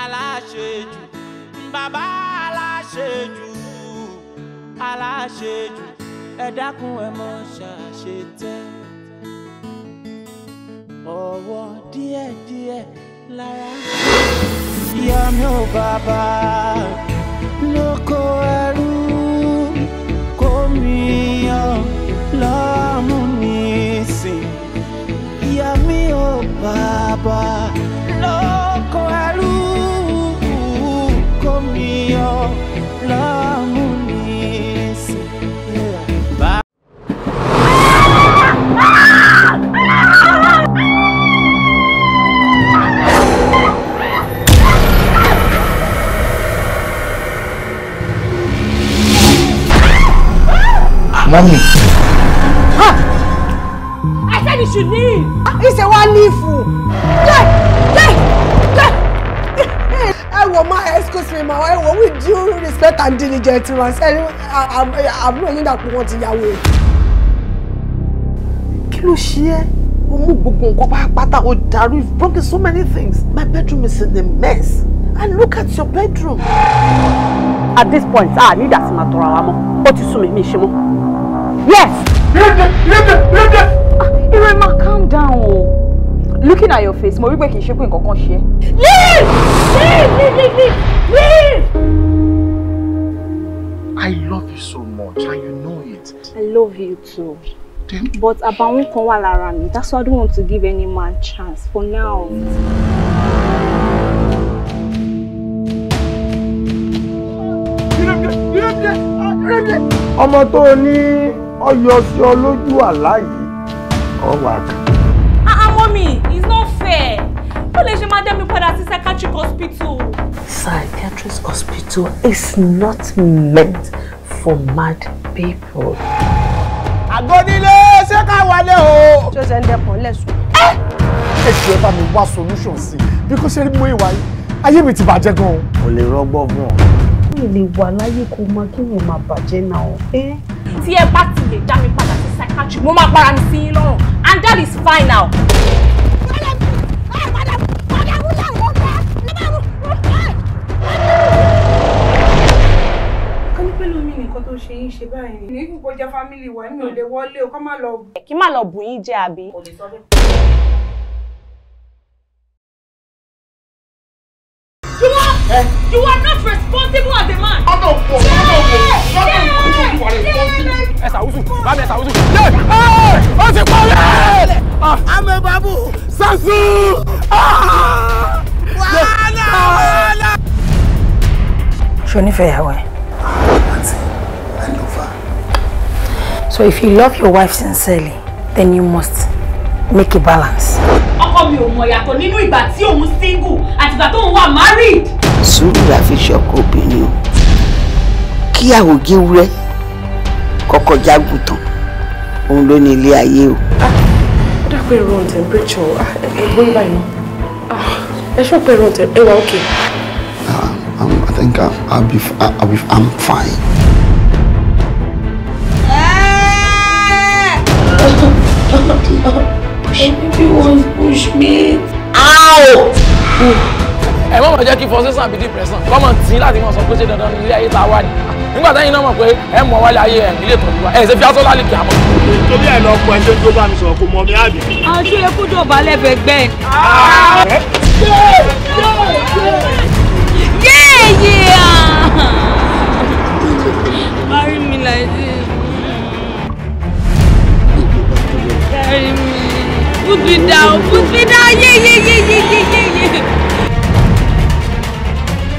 aláṣejù bàbá aláṣejù aláṣejù ẹ dákun ẹ mọ ṣàṣetẹ ọwọ́ díẹ̀díẹ̀ lára. yọmi ò bàbá lóko ẹrú kó mi yan lọ́mú nísìn yọmi ò bàbá lóko ẹrú kó mi yan
Mami. Ha! I said you should leave. It's a one leaf. fool. Get! Get! Get! ẹ wọ ma excuse me ma ẹ with due respect and diligence ma ṣe àbúrò I'm dàpọ̀ wọn ti yàwó. kí your way. é o mú gbogbo nǹkan pátá o dàrú you've broken so many things my bedroom is in a mess and look at your bedroom. at this point I
need ìdásí to tọrọ àwa mọ́ you ti sún mi mi Yes. Lédè, Lédè, Lédè. Irema, calm down o. Looking at your face, mo rí pé kì í ṣe pé nǹkan kan ṣe é.
Leave! Leave! Leave!
Leave! I love you so much and you
know it. I love you too. Then... But àbàwọ́n kan wà lára mi. That's why I don't want to give any man chance for now.
Ọmọ tó ní ọ yọ sí ọ lójú àlá yìí
ọ wà kàn.
àmọ́ mi it's not fair ó lè ṣe máa dá mi padà sí psychiatric hospital. psychiatric hospital is not meant for mad people. àgọ́dílé ṣé ká wálé o. ṣé o ṣe ń dẹkùn lẹ́sùn.
ẹ ṣe bá mi wá solution sí i bí kò ṣe mú ìwà yìí ayé mi ti bàjẹ́ gan-an. kò lè rọgbọ́n fún ọ
ò lè wà láyé kó
máa kí wọ́n máa bàjẹ́ náà o. Eh?
tí ẹ bá ti lè dá mi padà sí psychiatry mo máa para mi sí yín lọ́rùn and that is fine now. tó ṣe yín ṣe báyìí ní kò kọjá fámílì wa ní ò lè o kó má lọ. kí má lọ bù yín jẹ àbí. kò lè sọ bẹ́ẹ̀. Eh? You are not responsible as a man. Ọ̀dọ̀ pọ̀ ọ̀dọ̀
pọ̀ ọ̀dọ̀ pọ̀ you
are responsible. Ẹ ṣàwùsù, bá mi ẹ ṣàwùsù. Ṣé ẹ ọ ti parí? Àmọ́ bàbú. Sàṣù. Wàhálà wàhálà.
Ṣé o nífẹ̀ẹ́ ìyàwó ẹ̀? Àǹtí, I love her. So if you love your wife sincerely, then you must make a balance. Ọkọ mi ò mọ̀ yàtọ̀ nínú ìgbà tí òun single àtìgbà tóun wà married
sùúrù la fi ṣọkọ obìnrin o kí àwògé wúrẹ́ kọ́kọ́ jágùn tán òun ló ní ilé ayé o. Ah,
ó dà pé ìrọ̀rùn temperature ah, ẹgbẹ́ báyìí náà ah, ẹ ṣọ́ pé ìrọ̀rùn temperature òkè.
I think I, I'll be, I'll be, I'm fine.
Push. Everyone push me. Ow! ẹ mọ̀ mọ̀ jẹ́ kí frustration àbí depression kọ́mọ̀ tí láti mọ̀ sọ pé ṣe dandan nílé ayé tá a wà ní nígbà tẹ́yìn náà mọ̀ pé ẹ mọ̀ wálé ayé ẹ̀ nílé tó wá ẹ̀ ṣe fi aṣọ lálẹ́ kí a mọ̀. torí ẹ lọ pọ ẹjọ́ tó bá mi sọ̀rọ̀ kó mọ mi àbí. àti ekú tó bá lẹ́fẹ̀ẹ́ gbẹ́.
Marry me like this. Marry me. Put me down. Put me down. Yeah, yeah, yeah, yeah, yeah, yeah.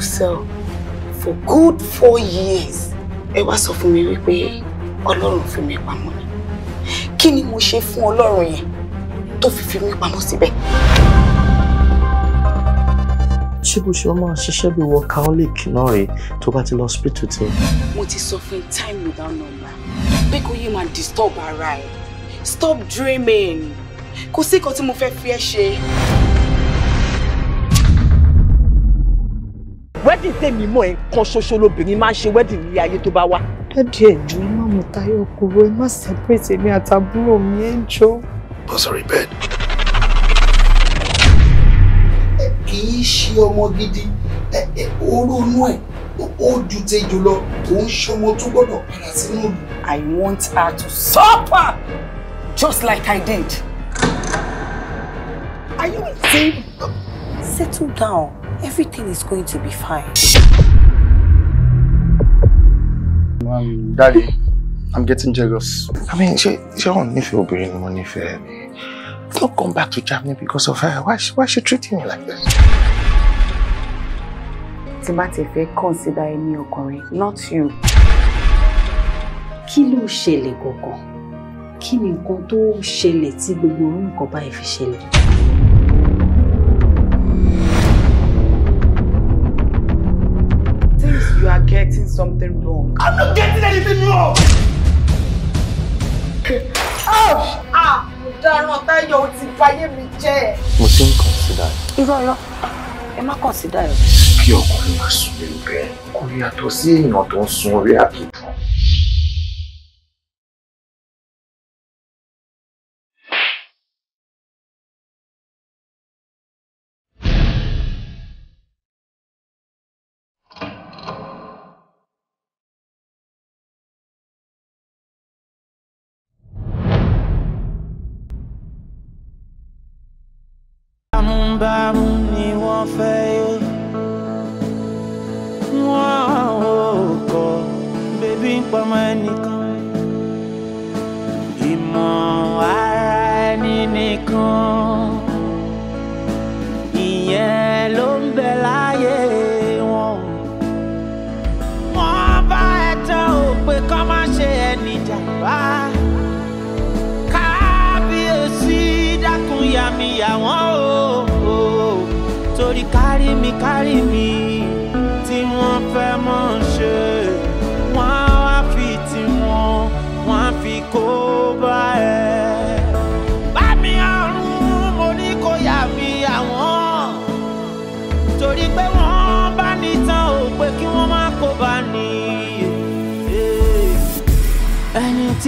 cell for good four years ẹ wá sọ fún mi wípé ọlọ́run fi mi pamọ́ ni kí mo ṣe fún ọlọ́run yẹn tó fi fi mi pamọ́ síbẹ̀.
ṣé bó ṣe máa ṣiṣẹ́ bíi workaholic náà rèé tó bá ti lọ hospital tí.
mo ti sọ fún time without number pé kó yé máa disturb ara ẹ stop dreaming kò sí nǹkan tí mo fẹ́ fi ẹ́ ṣe.
wedding tèmi mọ̀ ẹ̀ kan ṣoṣo lobìnrin máa ń ṣe wedding ní ayé tó bá wá.
dádì ẹ jọ̀ọ́ ẹ má mú Táyọ̀ kúrò ẹ má separate èmi àtàbúrò mi ẹ jọ̀ọ́.
bọ́ sọ̀rọ̀ bẹ́ẹ̀.
ẹ kì í ṣe ọmọ gidi ẹ ẹ orónú ẹ ó ju
tẹjọ lọ kò ń ṣọmọ tó gbọ́dọ̀ padà sínú ìlú. I want her to suffer just like I did. Are you insane? Settle down. Everything is going to be fine.
Um, Daddy, I'm getting jealous. I mean, she, she don't need to be money for me, don't come back to Germany because of her. Why, why is she treating
me like this? tí bá ti fẹ́ consider ẹni
ọkùnrin not you. Kilo ló ṣẹlẹ̀ kini kí ni nǹkan tó ṣẹlẹ̀ tí gbogbo
You are getting something wrong. I'm not getting anything wrong!
Ouch! Ah! Ọ̀daràn ah, Táyọ̀ ó ti fayé mi jẹ́.
Mo ti ń consider.
Irọ́ irọ́,
ẹ má consider ẹ̀.
Bí ọkùnrin máa sùn lérò bẹ́ẹ̀, kò yàtọ̀ sí èèyàn tó ń sun orí àkìtù.
bámú ni wọ́n fẹ́ yó wọ́n ò kọ́ bébí ń pamọ́ ẹnìkan.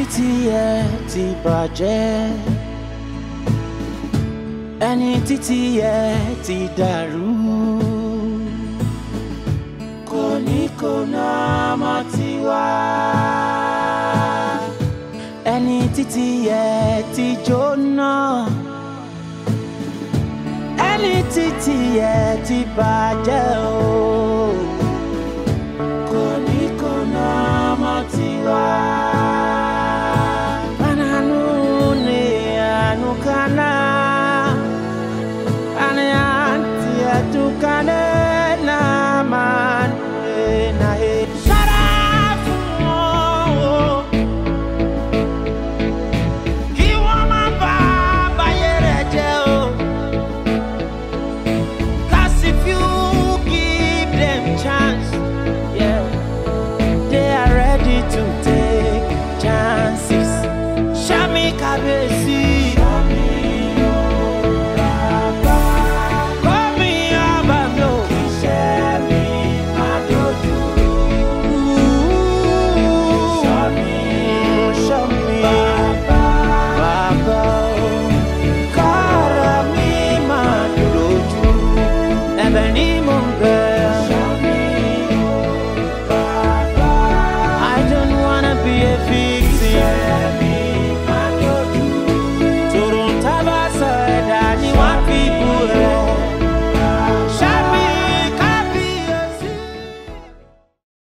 títí ẹ ti bàjẹ́ ẹni títí ẹ ti dàrú kò ní kò náà má ti wá ẹni títí ẹ ti jóná ẹni títí ẹ ti bàjẹ́ o. China.